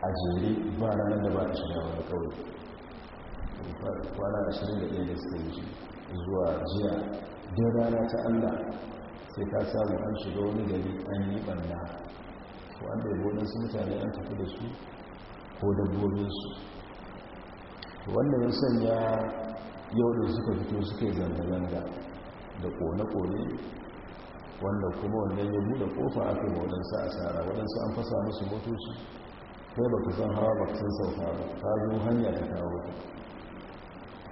[SPEAKER 1] a jere ba ranar da ba a shirya wani kawai kwana 21 da suke wuce zuwa jiya don rana ta allah sai ka samu an shiga wani gari an yi ɓanna wanda ya sun mutane an tafi da su ko dabbobinsu wannan ya sanya yau da suka fito suka yi zanga-zanga da kone-kone wanda kuma wannan ya buɗe ƙofa aka yi a asara waɗansu an fasa musu motoci kai ba ku san hawa ba san sauka ba ta zo hanya ta kawo ta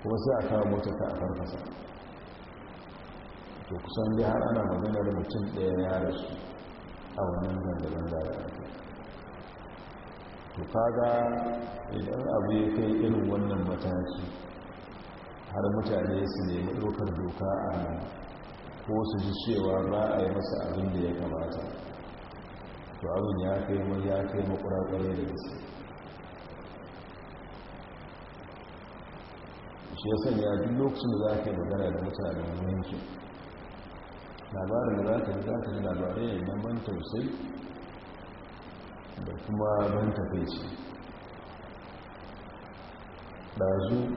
[SPEAKER 1] kuma sai a kawo mota ta a farfasa to kusan dai har ana maganar mutum ɗaya ya rasu a wannan zanga da da rasu to kaga idan abu ya kai irin wannan mataki har mutane su nemi ɗaukar doka a hannu ko su ji cewa ba a yi masa abin da ya kamata to abin ya kai mu ya kai mu da su shi ya sanya duk lokacin da za ka yi magana da mutanen yankin labarin da za ka yi za ka yi labarai ne na ban tausayi da kuma ban tafaici ɗazu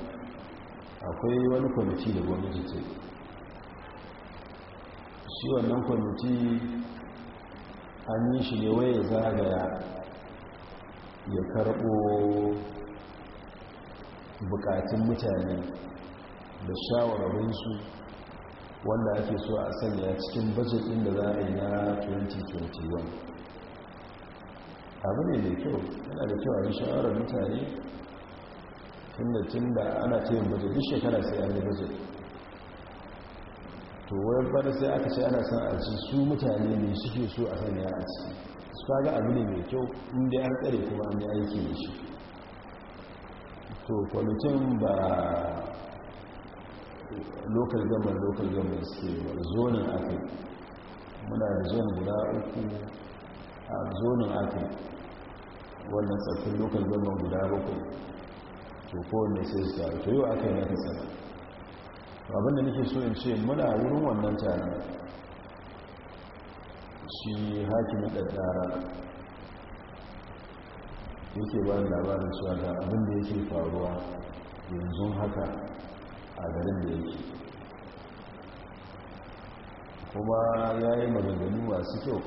[SPEAKER 1] akwai wani kwamiti da gwamnati ce shi wannan kwamiti an yi shi ne waye zagaya ya karɓo bukatun mutane da shawararinsu wanda ake so a sanya cikin bajet ɗin da za a yi na 2021 abu ne mai kyau yana da kyau a yi shawarar mutane tun da ana ta yin bajet duk shekara sai an yi bajet to wani fara sai aka ce ana san a su mutane ne suke so a sanya ya ciki su kaga abu ne mai kyau inda an tsare kuma an yi aiki da shi to kwamitin ba lokal gamar lokal gamar suke ba zonin aka muna da zonin guda uku a zonin aka wannan tsarkin lokal gamar guda bakwai to kowane sai su taru to yau aka yi na kasar da nake so in ce muna wurin wannan tare shi hakimin ɗaɗɗara yake ba da labarin cewa da abinda yake faruwa yanzu haka a garin da yake kuma ya yi maganganu masu kyau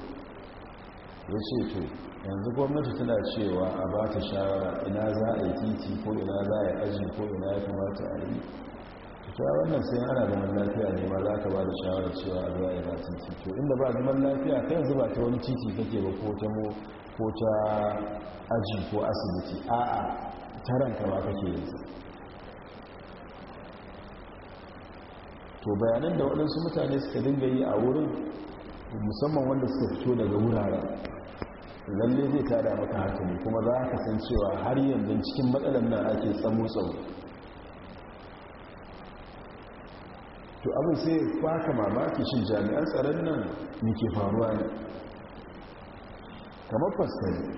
[SPEAKER 1] ya ce to yanzu gwamnati tana cewa a ba ta shawara ina za a yi titi ko ina za a yi aji ko ina ya kamata a yi ta wannan sai ana da man lafiya ne ma za ka ba da shawarar cewa a zuwa yana sun to inda ba da man lafiya ta yanzu ba ta wani titi kake ba ko ta mo ko ta aji ko asibiti 'a taranka ba kake yanzu to bayanan da waɗansu mutane suka dinga yi a wurin musamman wanda suka fito daga wuraren lalle zai tada maka hankali kuma za ka san cewa har yanzu cikin matsalar nan ake tsamo tsawo to abin sai kwaka mamaki shi jami'an tsaron nan muke faruwa ne kamar faskari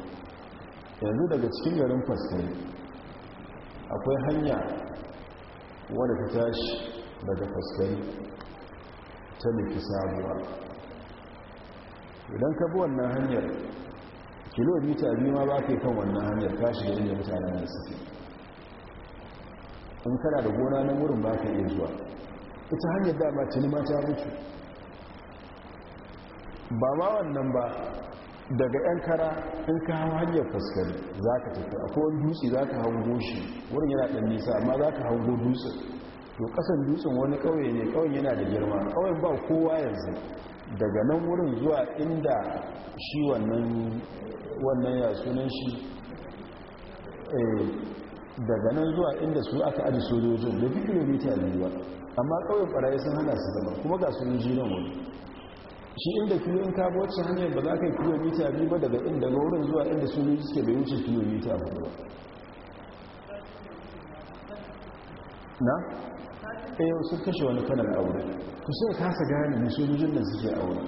[SPEAKER 1] yanzu daga cikin garin fasfai, akwai hanya wadda ta tashi daga faskari ta nufi sabuwa idan ka bi wannan hanyar kilomita biyu ma ba ka yi kan wannan hanyar tashi da inda mutane da suke in kana da gona na wurin ba ka iya zuwa ita hanyar dama tuni mata ta mutu ba ma wannan ba daga yan kara in ka hau hanyar fuskari za ka tafi a kowar dutse za ka hau shi wurin yana ɗan nisa amma za ka go dutsen to ƙasan dutsen wani ƙauye ne ƙauyen yana da girma ƙauyen ba kowa yanzu daga nan wurin zuwa inda shi wannan ya sunan shi eh, daga nan zuwa inda su aka aji sojojin da fi kilomita biyuwa amma kawai barayi sun hana su zama kuma ga sun ji nan wani shi inda filin ka wacce hanyar ba za ka yi kilomita biyu ba daga inda gaurin zuwa inda su yi suke bai wuce kilomita ba na? ɗaya eh, sun kashe wani kanan aure ku sai sa gane mai sojojin nan suke aure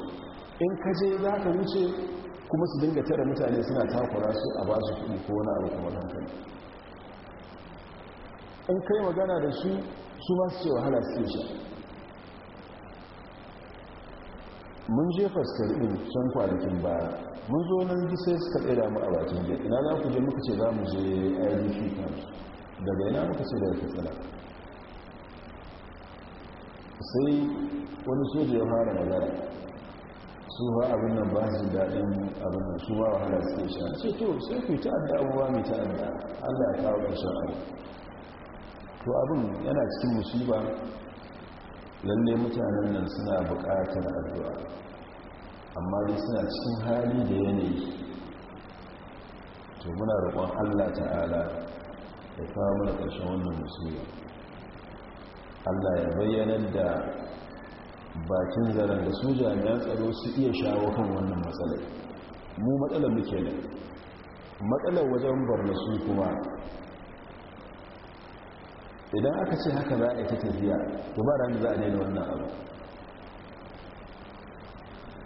[SPEAKER 1] in ka je za ka wuce kuma su dinga tara mutane suna takura su a ba su kuɗi ko wani abu kuma hankali in kai magana da su su ba su ce wahala su sha mun je faskar ɗin can kwanakin ba mun zo nan sai suka da mu a bakin gida ina za ku je muka ce za mu je idp camp daga ina muka ce daga katsina sai wani soja ya fara magana su ba abin nan ba su daɗin abin nan su ba wahala suke sha ce to sai ku yi ta'adda abubuwa mai ta'adda allah ya kawo ƙarshen abu to abin yana cikin musiba lalle mutanen nan suna buƙatar addu'a amma dai suna cikin hali da yanayi to muna roƙon allah ta'ala ya kawo mana ƙarshen wannan musiba allah ya bayyana da bakin zaren da su jami'an tsaro su iya shawo kan wannan matsalar mu matsalar muke ne matsalar wajen barna su kuma idan aka ce haka za a yi ta tafiya to ba da za a daina wannan abu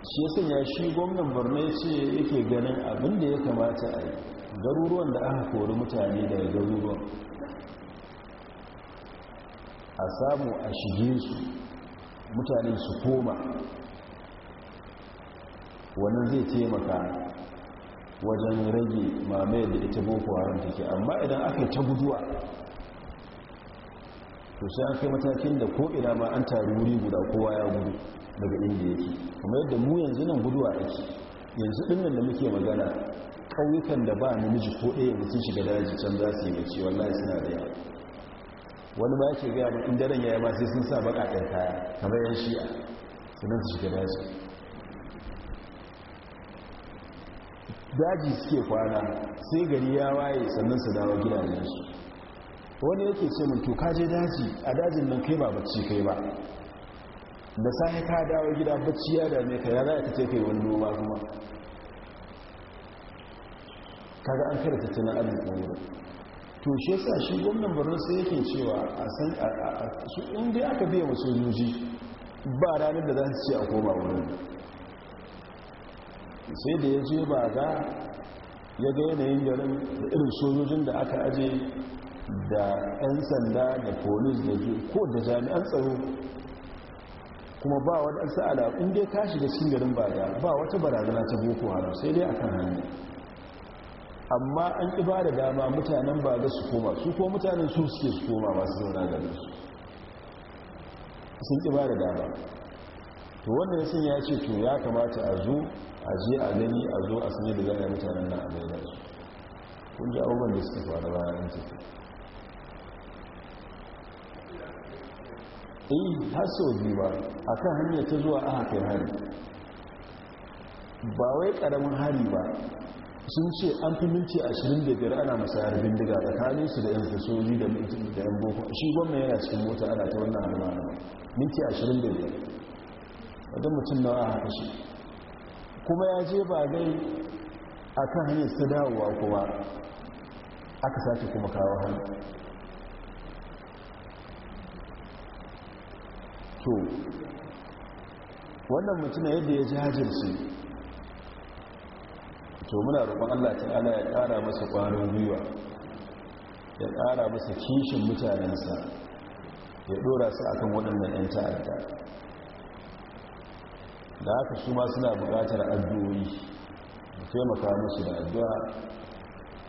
[SPEAKER 1] shi yasin ya shi gwamnan borno ya ce yake ganin abin da ya kamata a yi garuruwan da aka kori mutane daga garuruwan a samu a shige su mutane su koma wannan zai taimaka wajen rage mamayar da ita boko haram take amma idan aka yi ta guduwa to sai an kai matakin da ko ina ma an taru wuri guda kowa ya gudu daga inda yake kuma yadda mu yanzu nan guduwa ake yanzu dinnan da muke magana kauyukan da ba namiji ko ɗaya da sun shiga daji can za su yi mace wallahi suna da yawa wani ba ke gaya ba inda ran yaya ma sai sun sa baƙaƙen kaya kamar yan shi'a sannan su shiga daji daji suke kwana sai gari ya waye sannan su dawo gidajensu wani yake ce min to kaje daji a dajin nan kai ba bacci kai ba da sai ka dawo gida bacci ya dame ka ya za ka ce wani noma kuma kaga an kada tattalin arzikin wurin to shi sa shi gwamnan borno sai yake cewa a san su inda aka biya wa sojoji ba ranar da za su ce a koma wurin sai da ya je ba ga ya ga yanayin garin da irin sojojin da aka aje da 'yan sanda da polis da ko da jami'an tsaro kuma ba wata an sa'ada inda ka shiga cikin garin bada ba wata barazana ta boko haram sai dai akan hannu. amma an ƙi ba da dama mutanen ba da su koma su ko mutanen su suke su koma su zaura garin su sun ƙi ba da dama to wannan sun ya ce to ya kamata a zo a je a gani a zo a sanye da zai mutanen na a zai da su kun ji abubuwan da suka faru bayan tafi eh har sau a kan hanyar ta zuwa aka hari ba wai ƙaramin hari ba sun ce an fi minti 25 ana masayar bindiga tsakanin su da 'yan fasoji da yan boko shi gwamna yana cikin mota ana ta wannan almara minti 25 wadda mutum na haka shi kuma ya je ba gai a kan hanyar ta dawowa kuma aka sake kuma kawo hannu to wannan mutumin yadda ya ji hajjinsu to muna rukun Allah ta'ala ya kara masa kwanon gwiwa ya ƙara masa kishin mutanensa ya ɗora su akan waɗannan 'yan ta'adda da haka su ma suna buƙatar addu'o'i da taimaka musu da addu'a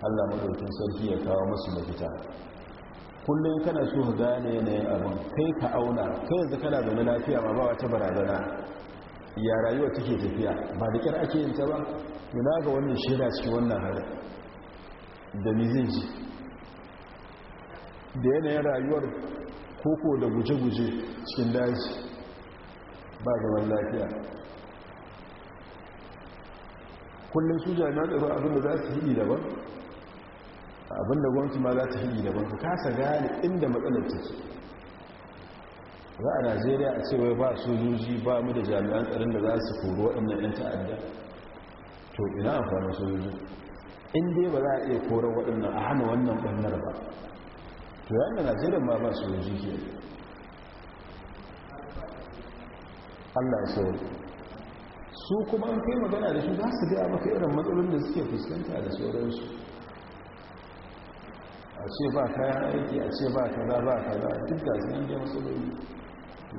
[SPEAKER 1] Allah maɗaukin sarki ya kawo masu mafita kullum kana so ka gane yanayin abin kai ka auna kai yanzu kana zama lafiya ma ba wata barazana ya rayuwa take tafiya ba da kyar ake yin ta ba yana ga wannan shaida cikin wannan harin da mizin ji da yanayin rayuwar koko da guje-guje cikin daji ba zaman lafiya kullum su jami'an tsaro abin da za su yi daban abinda gwamnati ma za ta shigi daban ka kasa gane inda matsalar take za a najeriya a cewa ba sojoji ba mu da jami'an tsarin da za su koro waɗannan 'yan ta'adda to ina amfanin sojoji in dai ba za a iya koron waɗannan a hana wannan ɓannar ba to yayin da najeriya ma ba sojoji ke allah sauri su kuma an kai magana da shi za su gaya maka irin matsalolin da suke fuskanta da sauransu a ce ba kayan aiki a ce ba kaza ba kaza duk da su yanke matsaloli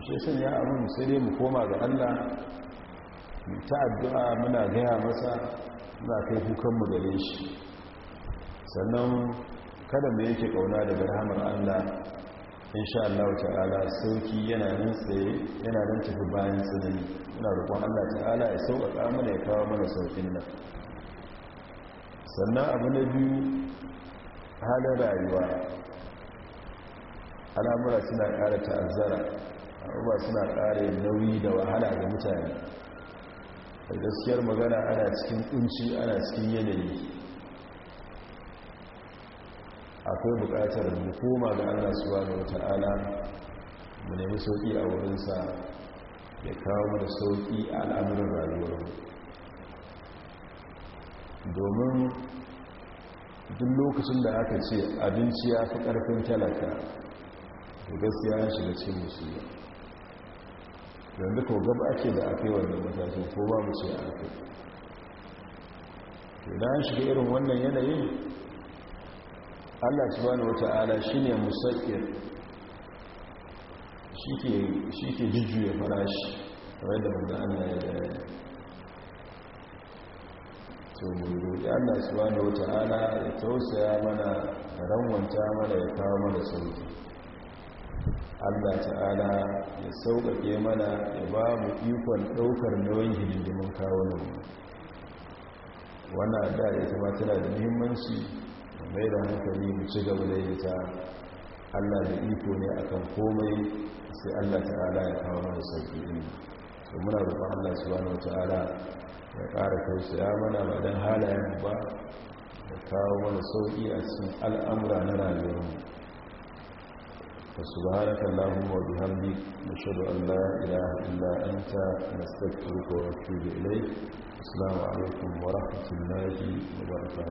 [SPEAKER 1] shi sun ya abin sai dai mu koma ga allah mu ta addu'a muna gaya masa muna kai mu gare shi sannan kada mu yake kauna daga rahamar allah insha Allah ta'ala sauki yana nan tsaye yana nan tafi bayan tsanani muna roƙon Allah ta'ala ya sauƙaƙa mana ya kawo mana saukin nan sannan abu na biyu halin rayuwa al'amura suna ƙara ta'azzara al'amura suna ƙara nauyi da wahala ga mutane da gaskiyar magana ana cikin kunci ana cikin yanayi akwai bukatar mu koma ga Allah da wata'ala mu nemi sauki a wurinsa ya kawo mana sauki a al'amuran rayuwar domin duk lokacin da aka ce abinci ya fi ƙarfin talaka da gaskiya ya shiga cikin musulmi yanzu ko gaba ake da aka yi wannan ko ba mu ce a aka idan an shiga irin wannan yanayin allah bani wata ala shi ne musakir shi ke jujjuya farashi kamar da wanda allah ya bayani to ya Allah subhanahu wata'ala ya tausaya mana ya ranwanta mana ya kawo mana sauki Allah ta'ala ya sauƙaƙe mana ya ba mu ikon ɗaukar nauyin hidindimin kawo nan wannan da ya zama tana da muhimmanci mai da hankali mu ci gaba da yi ta Allah da iko ne akan komai sai Allah ta'ala ya kawo mana sauki to muna roƙon Allah subhanahu wata'ala ya ƙara tausaya mana ba don halayen ba da kawo mana sauƙi a cikin al'amura na rayuwarmu mu, subhanaka allahumma wa bihamdik nashhadu an la ilaha illa anta nastaghfiruka wa natubu ilayk assalamu alaikum wa rahmatullahi wa barakatuh